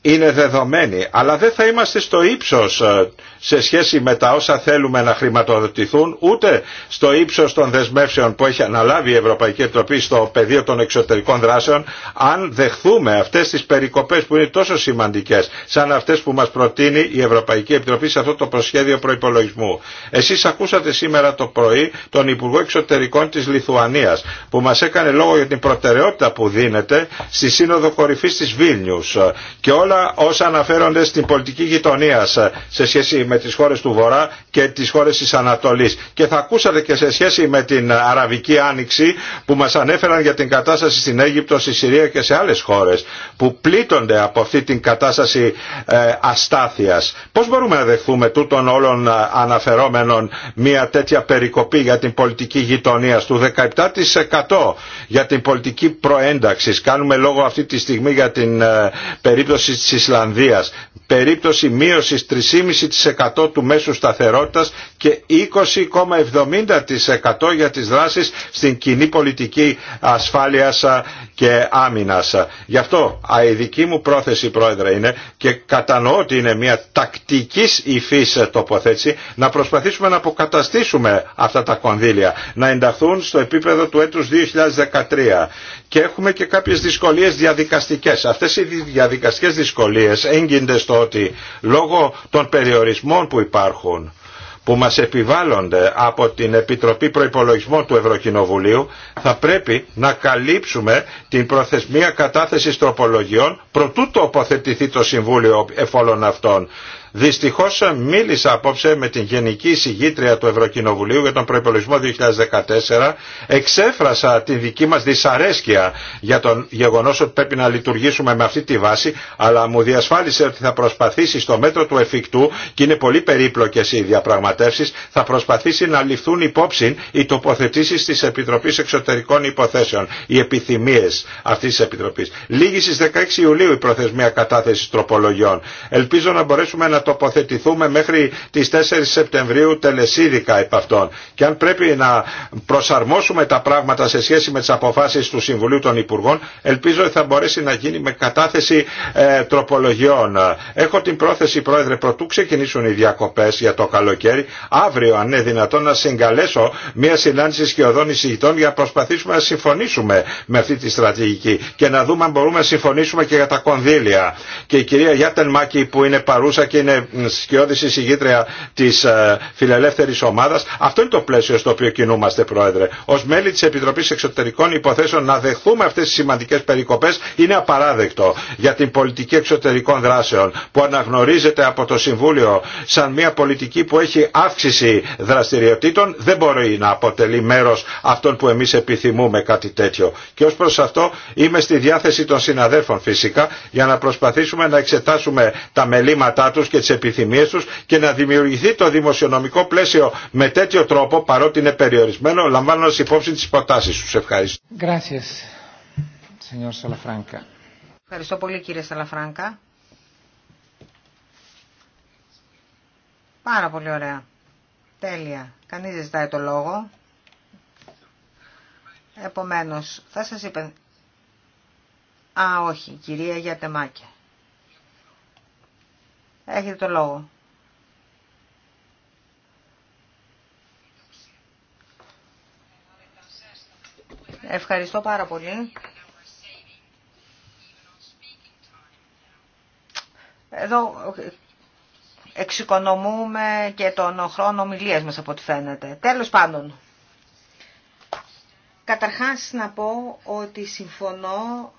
είναι δεδομένη, αλλά δεν θα είμαστε στο ύψος ε, σε σχέση με τα όσα θέλουμε να χρηματοδοτηθούν ούτε στο ύψος των δεσμεύσεων που έχει αναλάβει η Ευρωπαϊκή Επιτροπή στο πεδίο των εξωτερικών δράσεων αν δεχθούμε αυτές τις περικοπές που είναι τόσο σημαντικές σαν αυτές που μας προτείνει η Ευρωπαϊκή Επιτροπή σε αυτό το προσχέδιο προϋπολογισμού. Εσείς ακούσατε σήμερα το πρωί τον Υπουργό Εξωτερικών της Λιθουανίας που μας έκανε λόγο για την προτεραιότητα που δίνεται στη Σύνοδο Κορυφής της Βίλνιους και όλα όσα αναφέρονται στην πολιτική γειτονία σε σχέση με τις χώρες του Βορρά και τις χώρες της Ανατολής. Και θα ακούσατε και σε σχέση με την Αραβική Άνοιξη που μας ανέφεραν για την κατάσταση στην Αίγυπτο, στη Συρία και σε άλλες χώρες που πλήττονται από αυτή την κατάσταση ε, αστάθειας. Πώς μπορούμε να δεχθούμε τούτων όλων ε, αναφερόμενων μια τέτοια περικοπή για την πολιτική γειτονία του 17% για την πολιτική προένταξης. Κάνουμε λόγο αυτή τη στιγμή για την ε, περίπτωση της Ισλανδίας περίπτωση μείωσης 3,5% του μέσου σταθερότητας και 20,70% για τις δράσεις στην κοινή πολιτική ασφάλειας και άμυνας. Γι' αυτό η δική μου πρόθεση πρόεδρε είναι και κατανοώ ότι είναι μια τακτικής υφής τοποθέτηση να προσπαθήσουμε να αποκαταστήσουμε αυτά τα κονδύλια να ενταχθούν στο επίπεδο του έτους 2013 και έχουμε και κάποιες δυσκολίες διαδικαστικές. Αυτές οι διαδικαστικές δυσκολίες έγκυνται στο ότι λόγω των περιορισμών που υπάρχουν που μας επιβάλλονται από την Επιτροπή Προϋπολογισμών του Ευρωκοινοβουλίου θα πρέπει να καλύψουμε την προθεσμία κατάθεσης τροπολογιών προτού τοποθετηθεί το Συμβούλιο εφόλων αυτών. Δυστυχώς μίλησα απόψε με την Γενική Συγήτρια του Ευρωκοινοβουλίου για τον προϋπολογισμό 2014. Εξέφρασα τη δική μας δυσαρέσκεια για τον γεγονός ότι πρέπει να λειτουργήσουμε με αυτή τη βάση, αλλά μου διασφάλισε ότι θα προσπαθήσει στο μέτρο του εφικτού και είναι πολύ περίπλοκες οι διαπραγματεύσεις, θα προσπαθήσει να ληφθούν υπόψη οι τοποθετήσεις της Επιτροπής Εξωτερικών Υποθέσεων, οι επιθυμίες αυτής της Επιτροπής. Λίγη στις 16 Ιουλίου η προθεσμία κατάθεση τροπολογιών. Ελπίζω να μπορέσουμε να τοποθετηθούμε μέχρι τις 4 Σεπτεμβρίου τελεσίδικα επ' αυτών. Και αν πρέπει να προσαρμόσουμε τα πράγματα σε σχέση με τις αποφάσεις του Συμβουλίου των Υπουργών, ελπίζω ότι θα μπορέσει να γίνει με κατάθεση ε, τροπολογιών. Έχω την πρόθεση, Πρόεδρε, προτού ξεκινήσουν οι διακοπές για το καλοκαίρι, αύριο, αν είναι δυνατόν, να συγκαλέσω μια συνάντηση σκιωδών εισηγητών για να προσπαθήσουμε να συμφωνήσουμε με αυτή τη στρατηγική και να δούμε αν μπορούμε να συμφωνήσουμε και για τα κονδύλια. Και η κυρία Γιάτεν που είναι παρούσα και είναι είναι σκιώδης εισηγήτρια της ε, φιλελεύθερης ομάδας. Αυτό είναι το πλαίσιο στο οποίο κινούμαστε Πρόεδρε. Ως μέλη της Επιτροπής Εξωτερικών Υποθέσεων να δεχθούμε αυτές τις σημαντικές περικοπές είναι απαράδεκτο για την πολιτική εξωτερικών δράσεων που αναγνωρίζεται από το Συμβούλιο σαν μια πολιτική που έχει αύξηση δραστηριοτήτων δεν μπορεί να αποτελεί μέρος αυτών που εμείς επιθυμούμε κάτι τέτοιο. Και ως προς αυτό είμαι στη διάθεση των συναδέλφων φυσικά για να προσπαθήσουμε να εξετάσουμε τα μελήματά τους τις επιθυμίες τους και να δημιουργηθεί το δημοσιονομικό πλαίσιο με τέτοιο τρόπο παρότι είναι περιορισμένο λαμβάνοντας υπόψη τις προτάσεις τους. Ευχαριστώ. Ευχαριστώ πολύ κύριε Σαλαφράνκα. Πάρα πολύ ωραία. Τέλεια. Κανείς δεν ζητάει το λόγο. Επομένως, θα σας είπε... Α, όχι, κυρία Γιατεμάκια. Έχετε το λόγο. Ευχαριστώ πάρα πολύ. Εδώ εξοικονομούμε και τον χρόνο ομιλία μας από ό,τι φαίνεται. Τέλος πάντων, καταρχάς να πω ότι συμφωνώ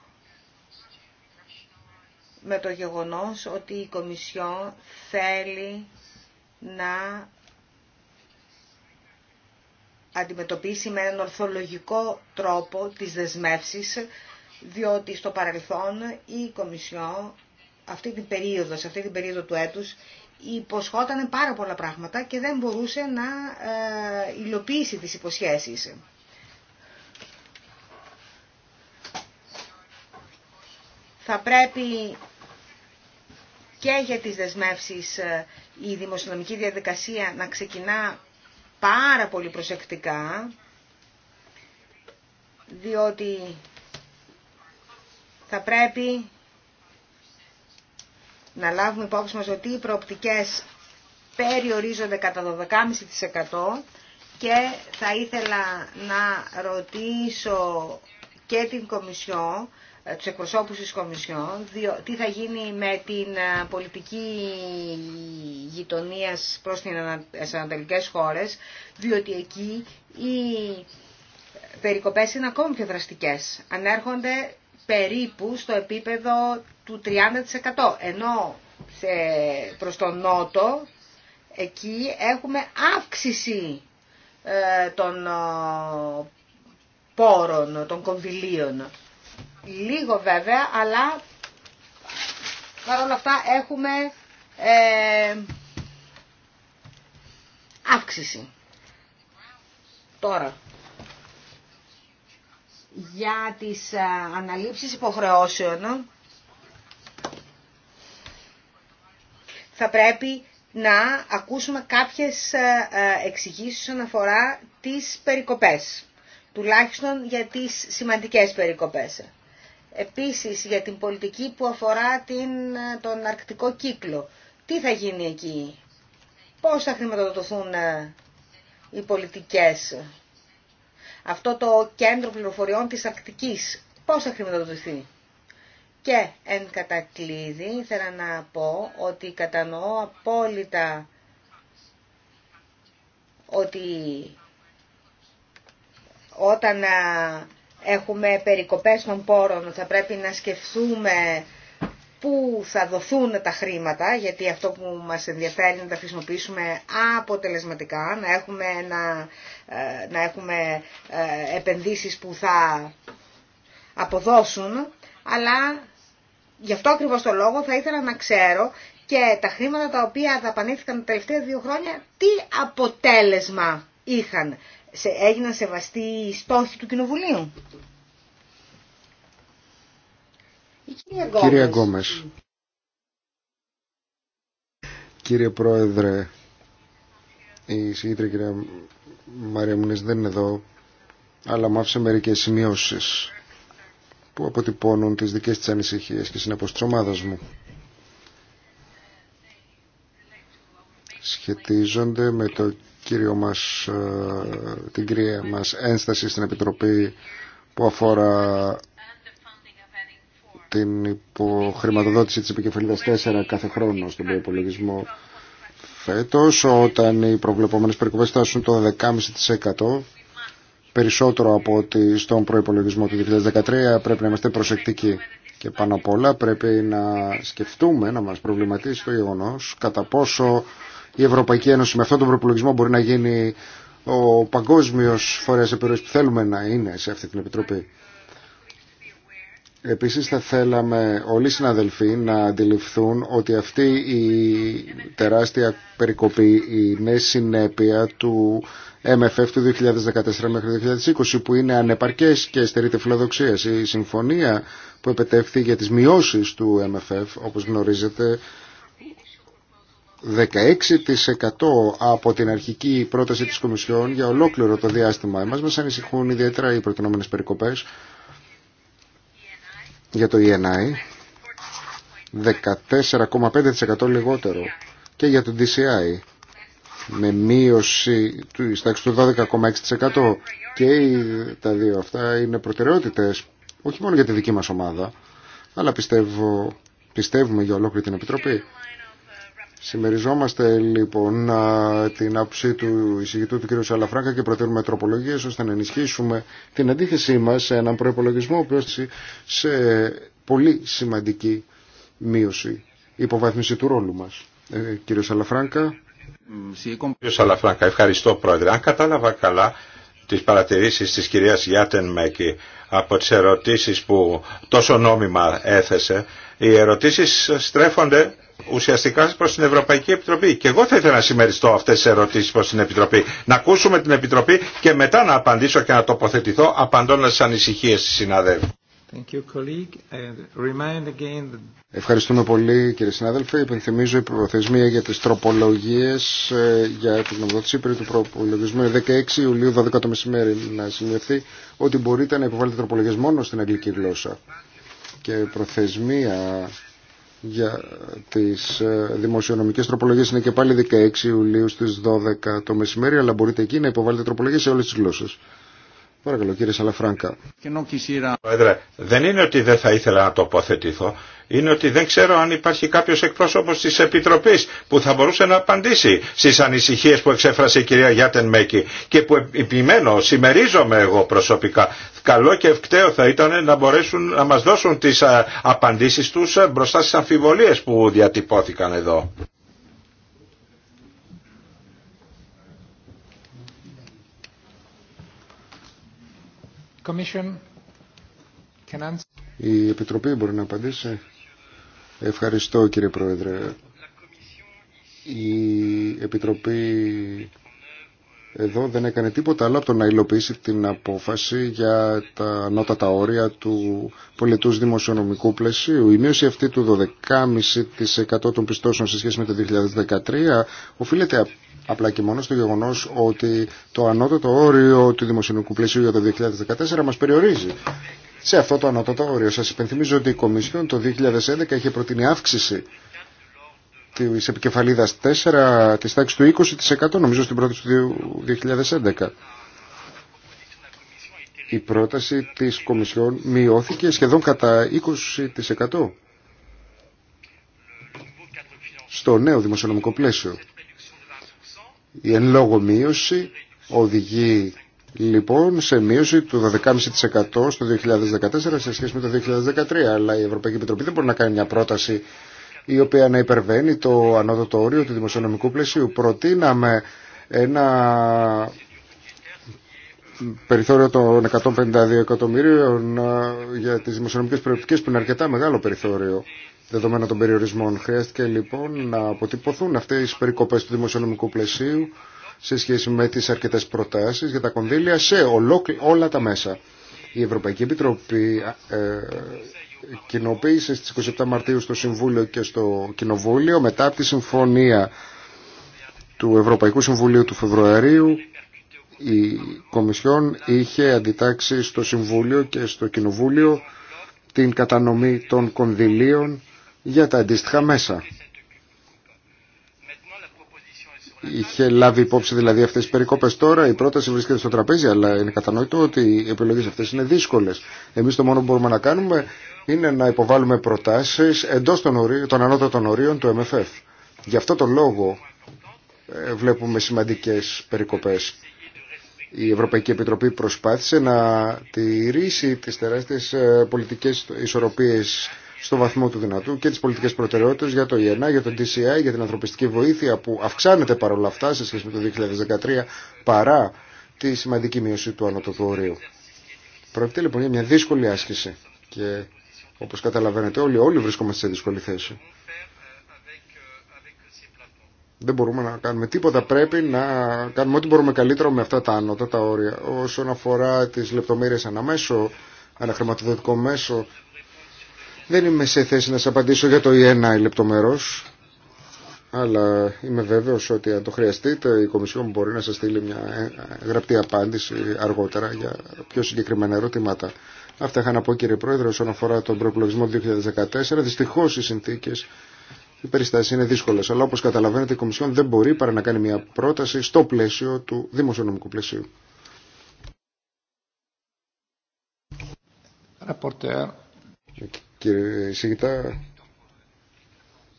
με το γεγονός ότι η Κομισιό θέλει να αντιμετωπίσει με έναν ορθολογικό τρόπο τις δεσμεύσεις, διότι στο παρελθόν η Κομισιό αυτή την περίοδο, σε αυτή την περίοδο του έτους υποσχόταν πάρα πολλά πράγματα και δεν μπορούσε να ε, υλοποιήσει τις υποσχέσεις. Θα πρέπει και για τις δεσμεύσεις ε, η δημοσιονομική διαδικασία να ξεκινά πάρα πολύ προσεκτικά, διότι θα πρέπει να λάβουμε υπόψη μας ότι οι προοπτικές περιορίζονται κατά 12,5% και θα ήθελα να ρωτήσω και την Κομισιό τους εκπροσώπους της Κομισιόν, τι θα γίνει με την ε, πολιτική γειτονίας προς τις ανατολικές χώρες, διότι εκεί οι περικοπές είναι ακόμη πιο δραστικές. Ανέρχονται περίπου στο επίπεδο του 30%, ενώ σε, προς τον Νότο εκεί έχουμε αύξηση ε, των ε, πόρων, των κονδυλίων λίγο βέβαια, αλλά παρόλα αυτά έχουμε ε, αύξηση. Τώρα, για τις ε, αναλήψεις υποχρεώσεων θα πρέπει να ακούσουμε κάποιες ε, εξηγήσεις όσον αφορά τις περικοπές, τουλάχιστον για τις σημαντικές περικοπές επίσης για την πολιτική που αφορά την, τον αρκτικό κύκλο. Τι θα γίνει εκεί, πώς θα χρηματοδοτηθούν ε, οι πολιτικές. Αυτό το κέντρο πληροφοριών της Αρκτικής, πώς θα χρηματοδοτηθεί. Και εν κατακλείδη ήθελα να πω ότι κατανοώ απόλυτα ότι όταν ε, έχουμε περικοπές των πόρων, θα πρέπει να σκεφτούμε πού θα δοθούν τα χρήματα, γιατί αυτό που μας ενδιαφέρει να τα χρησιμοποιήσουμε αποτελεσματικά, να έχουμε, να, ε, να έχουμε ε, επενδύσεις που θα αποδώσουν, αλλά γι' αυτό ακριβώς το λόγο θα ήθελα να ξέρω και τα χρήματα τα οποία δαπανήθηκαν τα τελευταία δύο χρόνια, τι αποτέλεσμα είχαν σε, έγιναν σεβαστοί οι στόχοι του Κοινοβουλίου. Η Γκόμες. Κύριε Πρόεδρε, η συγγύτρια κυρία Μαρία Μουνής δεν είναι εδώ, αλλά μου άφησε μερικές σημειώσεις που αποτυπώνουν τις δικές της ανησυχίες και συνεπώς της ομάδας μου. σχετίζονται με το κύριο μας, ε, την κυρία μας ένσταση στην Επιτροπή που αφορά την υποχρηματοδότηση της επικεφαλίδας 4 κάθε χρόνο στον προπολογισμό φέτος όταν οι προβλεπόμενες περικοπές φτάσουν το 10,5% περισσότερο από ότι στον προϋπολογισμό του 2013 πρέπει να είμαστε προσεκτικοί και πάνω απ' όλα πρέπει να σκεφτούμε, να μας προβληματίσει το γεγονός κατά πόσο η Ευρωπαϊκή Ένωση με αυτόν τον προπολογισμό μπορεί να γίνει ο παγκόσμιος φορέας επιρροής που θέλουμε να είναι σε αυτή την Επιτροπή. Επίσης θα θέλαμε όλοι οι συναδελφοί να αντιληφθούν ότι αυτή η τεράστια περικοπή είναι συνέπεια του MFF του 2014 μέχρι 2020 που είναι ανεπαρκές και στερείται φιλοδοξίας. Η συμφωνία που επετεύχθη για τις μειώσεις του MFF όπως γνωρίζετε 16% από την αρχική πρόταση της Κομισιόν για ολόκληρο το διάστημα. Εμάς μας ανησυχούν ιδιαίτερα οι προτινόμενες περικοπές για το ENI 14,5% λιγότερο και για το DCI με μείωση του του 12,6% και τα δύο αυτά είναι προτεραιότητες όχι μόνο για τη δική μας ομάδα αλλά πιστεύω, πιστεύουμε για ολόκληρη την Επιτροπή Συμμεριζόμαστε λοιπόν την άποψή του εισηγητού του κ. Σαλαφράγκα και προτείνουμε τροπολογίε ώστε να ενισχύσουμε την αντίθεσή μα σε έναν προπολογισμό που σε πολύ σημαντική μείωση, υποβάθμιση του ρόλου μα. Ε, κύριε Σαλαφράγκα. Κύριε Σαλαφράγκα, ευχαριστώ πρόεδρε. Αν κατάλαβα καλά τις παρατηρήσεις της κυρίας Γιάτεν Μέκη από τις ερωτήσεις που τόσο νόμιμα έθεσε, οι ερωτήσεις στρέφονται ουσιαστικά προς την Ευρωπαϊκή Επιτροπή. Και εγώ θα ήθελα να συμμεριστώ αυτές τις ερωτήσεις προς την Επιτροπή. Να ακούσουμε την Επιτροπή και μετά να απαντήσω και να τοποθετηθώ απαντώντας στις ανησυχίες της συναδέλφου. Ευχαριστούμε πολύ κύριε συνάδελφε. Υπενθυμίζω η προθεσμία για τις τροπολογίες ε, για την γνωμοδότηση πριν του προπολογισμού 16 Ιουλίου 12 το μεσημέρι να σημειωθεί ότι μπορείτε να υποβάλλετε τροπολογίες μόνο στην αγγλική γλώσσα. Και προθεσμία για τις ε, δημοσιονομικές τροπολογίες είναι και πάλι 16 Ιουλίου στις 12 το μεσημέρι αλλά μπορείτε εκεί να υποβάλλετε τροπολογίες σε όλες τις γλώσσες. Παρακαλώ κύριε Σαλαφράγκα. Πρόεδρε, δεν είναι ότι δεν θα ήθελα να τοποθετηθώ, είναι ότι δεν ξέρω αν υπάρχει κάποιος εκπρόσωπος της Επιτροπής που θα μπορούσε να απαντήσει στις ανησυχίες που εξέφρασε η κυρία Γιάτεν Μέκη και που επιμένω, συμμερίζομαι εγώ προσωπικά. Καλό και ευκταίο θα ήταν να μπορέσουν να μας δώσουν τις ε, απαντήσεις τους ε, μπροστά στις αμφιβολίες που διατυπώθηκαν εδώ. Η Επιτροπή μπορεί να απαντήσει. Ευχαριστώ κύριε Πρόεδρε. Η Επιτροπή εδώ δεν έκανε τίποτα άλλο από το να υλοποιήσει την απόφαση για τα ανώτατα όρια του πολιτού δημοσιονομικού πλαισίου. Η μείωση αυτή του 12,5% των πιστώσεων σε σχέση με το 2013 οφείλεται απλά και μόνο στο γεγονός ότι το ανώτατο όριο του δημοσιονομικού πλαισίου για το 2014 μας περιορίζει. Σε αυτό το ανώτατο όριο Σα υπενθυμίζω ότι η Κομισιόν το 2011 είχε προτείνει αύξηση τη επικεφαλίδα 4 της τάξη του 20% νομίζω στην πρόταση του 2011. Η πρόταση της Κομισιόν μειώθηκε σχεδόν κατά 20% στο νέο δημοσιονομικό πλαίσιο. Η εν λόγω μείωση οδηγεί λοιπόν σε μείωση του 12,5% στο 2014 σε σχέση με το 2013. Αλλά η Ευρωπαϊκή Επιτροπή δεν μπορεί να κάνει μια πρόταση η οποία να υπερβαίνει το ανώτατο όριο του δημοσιονομικού πλαισίου. Προτείναμε ένα περιθώριο των 152 εκατομμύριων ε, για τις δημοσιονομικές προεπτικές που είναι αρκετά μεγάλο περιθώριο δεδομένα των περιορισμών. Χρειάστηκε λοιπόν να αποτυπωθούν αυτές οι περικοπές του δημοσιονομικού πλαισίου σε σχέση με τις αρκετές προτάσεις για τα κονδύλια σε όλα τα μέσα. Η Ευρωπαϊκή Επιτροπή ε, κοινοποίησε στις 27 Μαρτίου στο Συμβούλιο και στο Κοινοβούλιο μετά από τη συμφωνία του Ευρωπαϊκού Συμβουλίου του Φεβρουαρίου η Κομισιόν είχε αντιτάξει στο Συμβούλιο και στο Κοινοβούλιο την κατανομή των κονδυλίων για τα αντίστοιχα μέσα είχε λάβει υπόψη δηλαδή αυτές τι περικόπες τώρα. Η πρόταση βρίσκεται στο τραπέζι, αλλά είναι κατανοητό ότι οι επιλογέ αυτές είναι δύσκολε. Εμείς το μόνο που μπορούμε να κάνουμε είναι να υποβάλουμε προτάσεις εντό των, των ανώτατων ορίων του MFF. Γι' αυτό το λόγο ε, βλέπουμε σημαντικές περικοπέ. Η Ευρωπαϊκή Επιτροπή προσπάθησε να τηρήσει τις τεράστιες ε, πολιτικές ισορροπίες στο βαθμό του δυνατού και τι πολιτικέ προτεραιότητε για το ΙΕΝΑ, για το DCI, για την ανθρωπιστική βοήθεια που αυξάνεται παρόλα αυτά σε σχέση με το 2013 παρά τη σημαντική μείωση του ανώτατου ορίου. Πρόκειται λοιπόν για μια δύσκολη άσκηση και όπως καταλαβαίνετε όλοι, όλοι βρισκόμαστε σε δύσκολη θέση. Δεν μπορούμε να κάνουμε τίποτα. Πρέπει να κάνουμε ό,τι μπορούμε καλύτερο με αυτά τα ανώτατα όρια. Όσον αφορά τις λεπτομέρειες αναμέσω, αναχρηματοδοτικό μέσο, δεν είμαι σε θέση να σας απαντήσω για το ΙΕΝΑ λεπτομερώς, αλλά είμαι βέβαιος ότι αν το χρειαστείτε η Κομισιόν μπορεί να σας στείλει μια ε, γραπτή απάντηση αργότερα για πιο συγκεκριμένα ερωτήματα. Αυτά είχα να πω κύριε Πρόεδρε όσον αφορά τον προπολογισμό 2014. Δυστυχώς οι συνθήκες, οι περιστάσεις είναι δύσκολες, αλλά όπως καταλαβαίνετε η Κομισιόν δεν μπορεί παρά να κάνει μια πρόταση στο πλαίσιο του δημοσιονομικού πλαισίου. Κύριε Σιγητά,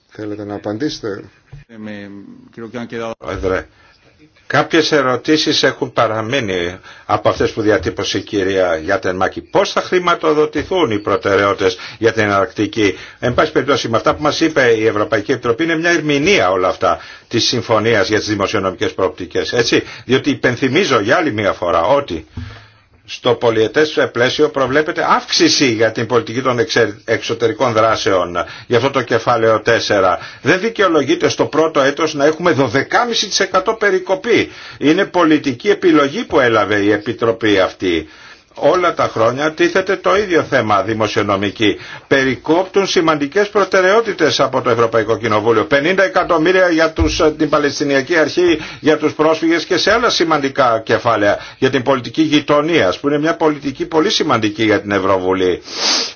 θέλετε να απαντήσετε. Κάποιε κάποιες ερωτήσεις έχουν παραμείνει από αυτές που διατύπωσε η κυρία Μάκη. Πώς θα χρηματοδοτηθούν οι προτεραιότητες για την Αρκτική. Εν πάση περιπτώσει, με αυτά που μας είπε η Ευρωπαϊκή Επιτροπή είναι μια ερμηνεία όλα αυτά της συμφωνίας για τις δημοσιονομικές προοπτικές. Έτσι, διότι υπενθυμίζω για άλλη μια φορά ότι στο πολιετές πλαίσιο προβλέπεται αύξηση για την πολιτική των εξωτερικών δράσεων για αυτό το κεφάλαιο 4. Δεν δικαιολογείται στο πρώτο έτος να έχουμε 12,5% περικοπή. Είναι πολιτική επιλογή που έλαβε η Επιτροπή αυτή όλα τα χρόνια τίθεται το ίδιο θέμα δημοσιονομική. Περικόπτουν σημαντικές προτεραιότητες από το Ευρωπαϊκό Κοινοβούλιο. 50 εκατομμύρια για τους, ε, την Παλαιστινιακή Αρχή, για τους πρόσφυγες και σε άλλα σημαντικά κεφάλαια. Για την πολιτική γειτονία, που είναι μια πολιτική πολύ σημαντική για την Ευρωβουλή.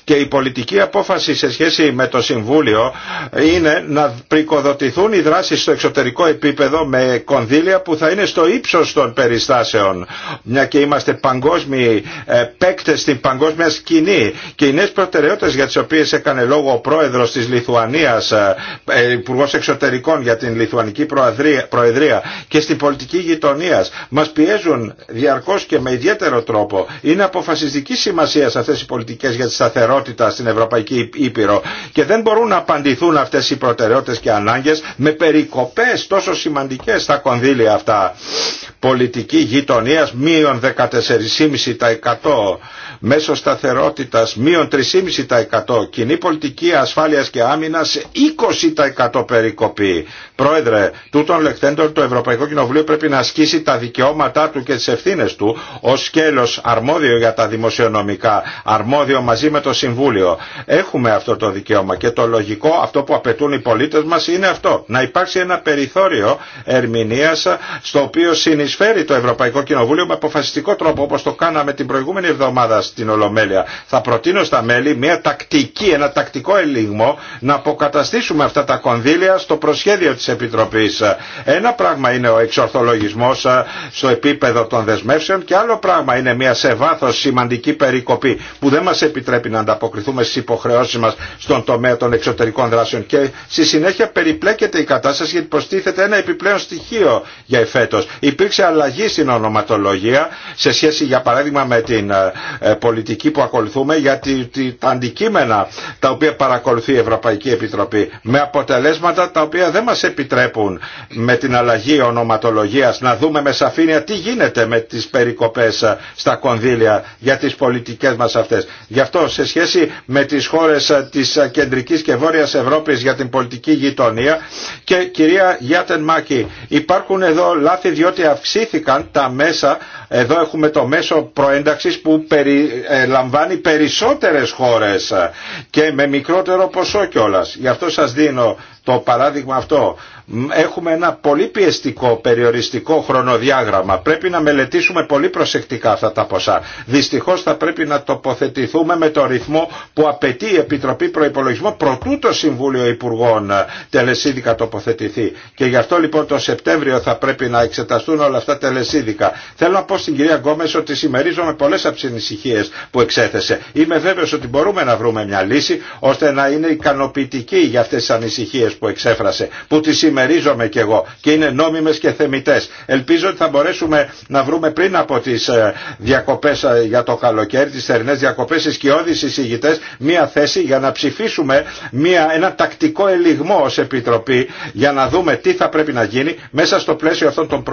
Και η πολιτική απόφαση σε σχέση με το Συμβούλιο είναι να πρικοδοτηθούν οι δράσεις στο εξωτερικό επίπεδο με κονδύλια που θα είναι στο ύψο των περιστάσεων. Μια και είμαστε παγκόσμιοι ε, παίκτες στην παγκόσμια σκηνή και οι νέε προτεραιότητες για τις οποίες έκανε λόγο ο πρόεδρος της Λιθουανίας, ε, ε, υπουργό Εξωτερικών για την Λιθουανική Προεδρία και στην πολιτική γειτονία μας πιέζουν διαρκώς και με ιδιαίτερο τρόπο. Είναι αποφασιστική σημασία σε αυτές οι πολιτικές για τη σταθερότητα στην Ευρωπαϊκή Ήπειρο και δεν μπορούν να απαντηθούν αυτές οι προτεραιότητες και ανάγκες με περικοπές τόσο σημαντικέ στα κονδύλια αυτά. Πολιτική γειτονία μείον 14,5% μέσω σταθερότητας μείον 3,5% κοινή πολιτική ασφάλειας και άμυνας 20% περικοπή. Πρόεδρε, τούτον λεχθέντων το Ευρωπαϊκό Κοινοβουλίο πρέπει να ασκήσει τα δικαιώματά του και τις ευθύνες του ως σκέλος αρμόδιο για τα δημοσιονομικά, αρμόδιο μαζί με το Συμβούλιο. Έχουμε αυτό το δικαίωμα και το λογικό, αυτό που απαιτούν οι πολίτες μας είναι αυτό, να υπάρξει ένα περιθώριο ερμηνείας στο οποίο συνεισφέρει το Ευρωπαϊκό Κοινοβούλιο με αποφασιστικό τρόπο όπως το κάναμε την προηγούμενη προηγούμενη εβδομάδα στην Ολομέλεια. Θα προτείνω στα μέλη μια τακτική, ένα τακτικό ελιγμό να αποκαταστήσουμε αυτά τα κονδύλια στο προσχέδιο της Επιτροπής. Ένα πράγμα είναι ο εξορθολογισμός ε, στο επίπεδο των δεσμεύσεων και άλλο πράγμα είναι μια σε βάθος σημαντική περικοπή που δεν μας επιτρέπει να ανταποκριθούμε στις υποχρεώσεις μας στον τομέα των εξωτερικών δράσεων και στη συνέχεια περιπλέκεται η κατάσταση γιατί προστίθεται ένα επιπλέον στοιχείο για εφέτος. Υπήρξε αλλαγή στην ονοματολογία σε σχέση για παράδειγμα με την ε, ε, πολιτική που ακολουθούμε για τα αντικείμενα τα οποία παρακολουθεί η Ευρωπαϊκή Επιτροπή με αποτελέσματα τα οποία δεν μας επιτρέπουν με την αλλαγή ονοματολογίας να δούμε με σαφήνεια τι γίνεται με τις περικοπές ε, στα κονδύλια για τις πολιτικές μας αυτές. Γι' αυτό σε σχέση με τις χώρες της κεντρικής και βόρειας Ευρώπης για την πολιτική γειτονία και κυρία Γιάτεν Μάκη υπάρχουν εδώ λάθη διότι αυξήθηκαν τα μέσα, εδώ έχουμε το μέσο προένταξη που ε, λαμβάνει περισσότερες χώρες και με μικρότερο ποσό κιόλας. Γι' αυτό σας δίνω το παράδειγμα αυτό έχουμε ένα πολύ πιεστικό περιοριστικό χρονοδιάγραμμα. Πρέπει να μελετήσουμε πολύ προσεκτικά αυτά τα ποσά. Δυστυχώς θα πρέπει να τοποθετηθούμε με το ρυθμό που απαιτεί η Επιτροπή Προϋπολογισμού προτού το Συμβούλιο Υπουργών ε, τελεσίδικα τοποθετηθεί. Και γι' αυτό λοιπόν το Σεπτέμβριο θα πρέπει να εξεταστούν όλα αυτά τελεσίδικα. Θέλω να πω στην κυρία Γκόμες ότι συμμερίζομαι πολλές από τι ανησυχίε που εξέθεσε. Είμαι βέβαιος ότι μπορούμε να βρούμε μια λύση ώστε να είναι ικανοποιητική για αυτές τις ανησυχίες που εξέφρασε, που τις μερίζομαι κι εγώ και είναι νόμιμες και θεμητές. Ελπίζω ότι θα μπορέσουμε να βρούμε πριν από τις ε, διακοπές ε, για το καλοκαίρι, τις θερινές διακοπές, οι σκιώδεις εισηγητές, μία θέση για να ψηφίσουμε μία, ένα τακτικό ελιγμό ως Επιτροπή για να δούμε τι θα πρέπει να γίνει μέσα στο πλαίσιο αυτών των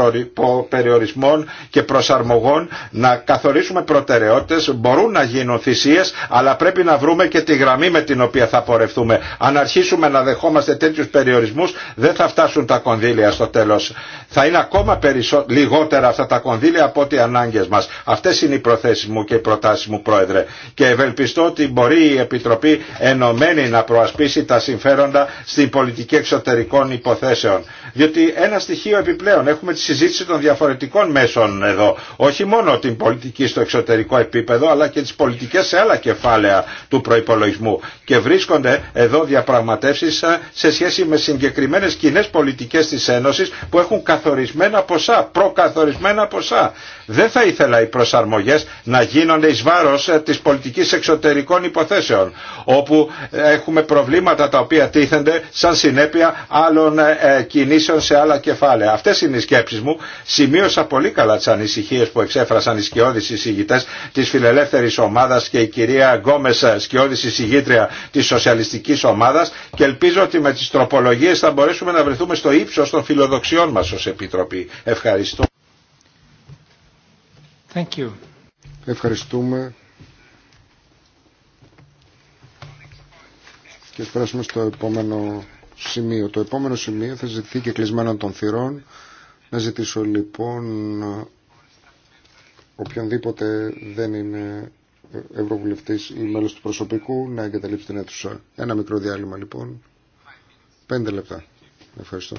περιορισμών και προσαρμογών να καθορίσουμε προτεραιότητες, μπορούν να γίνουν θυσίες, αλλά πρέπει να βρούμε και τη γραμμή με την οποία θα πορευτούμε. Αν αρχίσουμε να δεχόμαστε τέτοιους περιορισμούς δεν θα φτάσουν τα κονδύλια στο τέλος. Θα είναι ακόμα περισσο... λιγότερα αυτά τα κονδύλια από ό,τι οι ανάγκες μας. Αυτές είναι οι προθέσεις μου και οι προτάσεις μου Πρόεδρε. Και ευελπιστώ ότι μπορεί η Επιτροπή ενωμένη να προασπίσει τα συμφέροντα στην πολιτική εξωτερικών υποθέσεων. Διότι ένα στοιχείο επιπλέον έχουμε τη συζήτηση των διαφορετικών μέσων εδώ. Όχι μόνο την πολιτική στο εξωτερικό επίπεδο αλλά και τις πολιτικές σε άλλα κεφάλαια του προπολογισμού. Και βρίσκονται εδώ διαπραγματεύσεις ε, σε σχέση με συγκεκριμένες κοινέ κοινωνικές πολιτικές της Ένωσης που έχουν καθορισμένα ποσά, προκαθορισμένα ποσά. Δεν θα ήθελα οι προσαρμογές να γίνονται εις βάρος ε, της πολιτικής εξωτερικών υποθέσεων, όπου ε, έχουμε προβλήματα τα οποία τίθενται σαν συνέπεια άλλων ε, κινήσεων σε άλλα κεφάλαια. Αυτές είναι οι σκέψεις μου. Σημείωσα πολύ καλά τις ανησυχίες που εξέφρασαν οι σκιώδεις εισηγητές της φιλελεύθερης ομάδας και η κυρία Γκόμες σκιώδης εισηγήτρια της σοσιαλιστικής ομάδας και ελπίζω ότι με τις τροπολογίες θα μπορέσουμε να βρεθούμε βρεθούμε στο ύψος των φιλοδοξιών μας ως Επιτροπή. Ευχαριστώ. Thank you. Ευχαριστούμε. Και περάσουμε στο επόμενο σημείο. Το επόμενο σημείο θα ζητηθεί και κλεισμένο των θυρών. Να ζητήσω λοιπόν οποιονδήποτε δεν είναι ευρωβουλευτής ή μέλος του προσωπικού να εγκαταλείψει την αίθουσα. Ένα μικρό διάλειμμα λοιπόν. Πέντε λεπτά. Ευχαριστώ.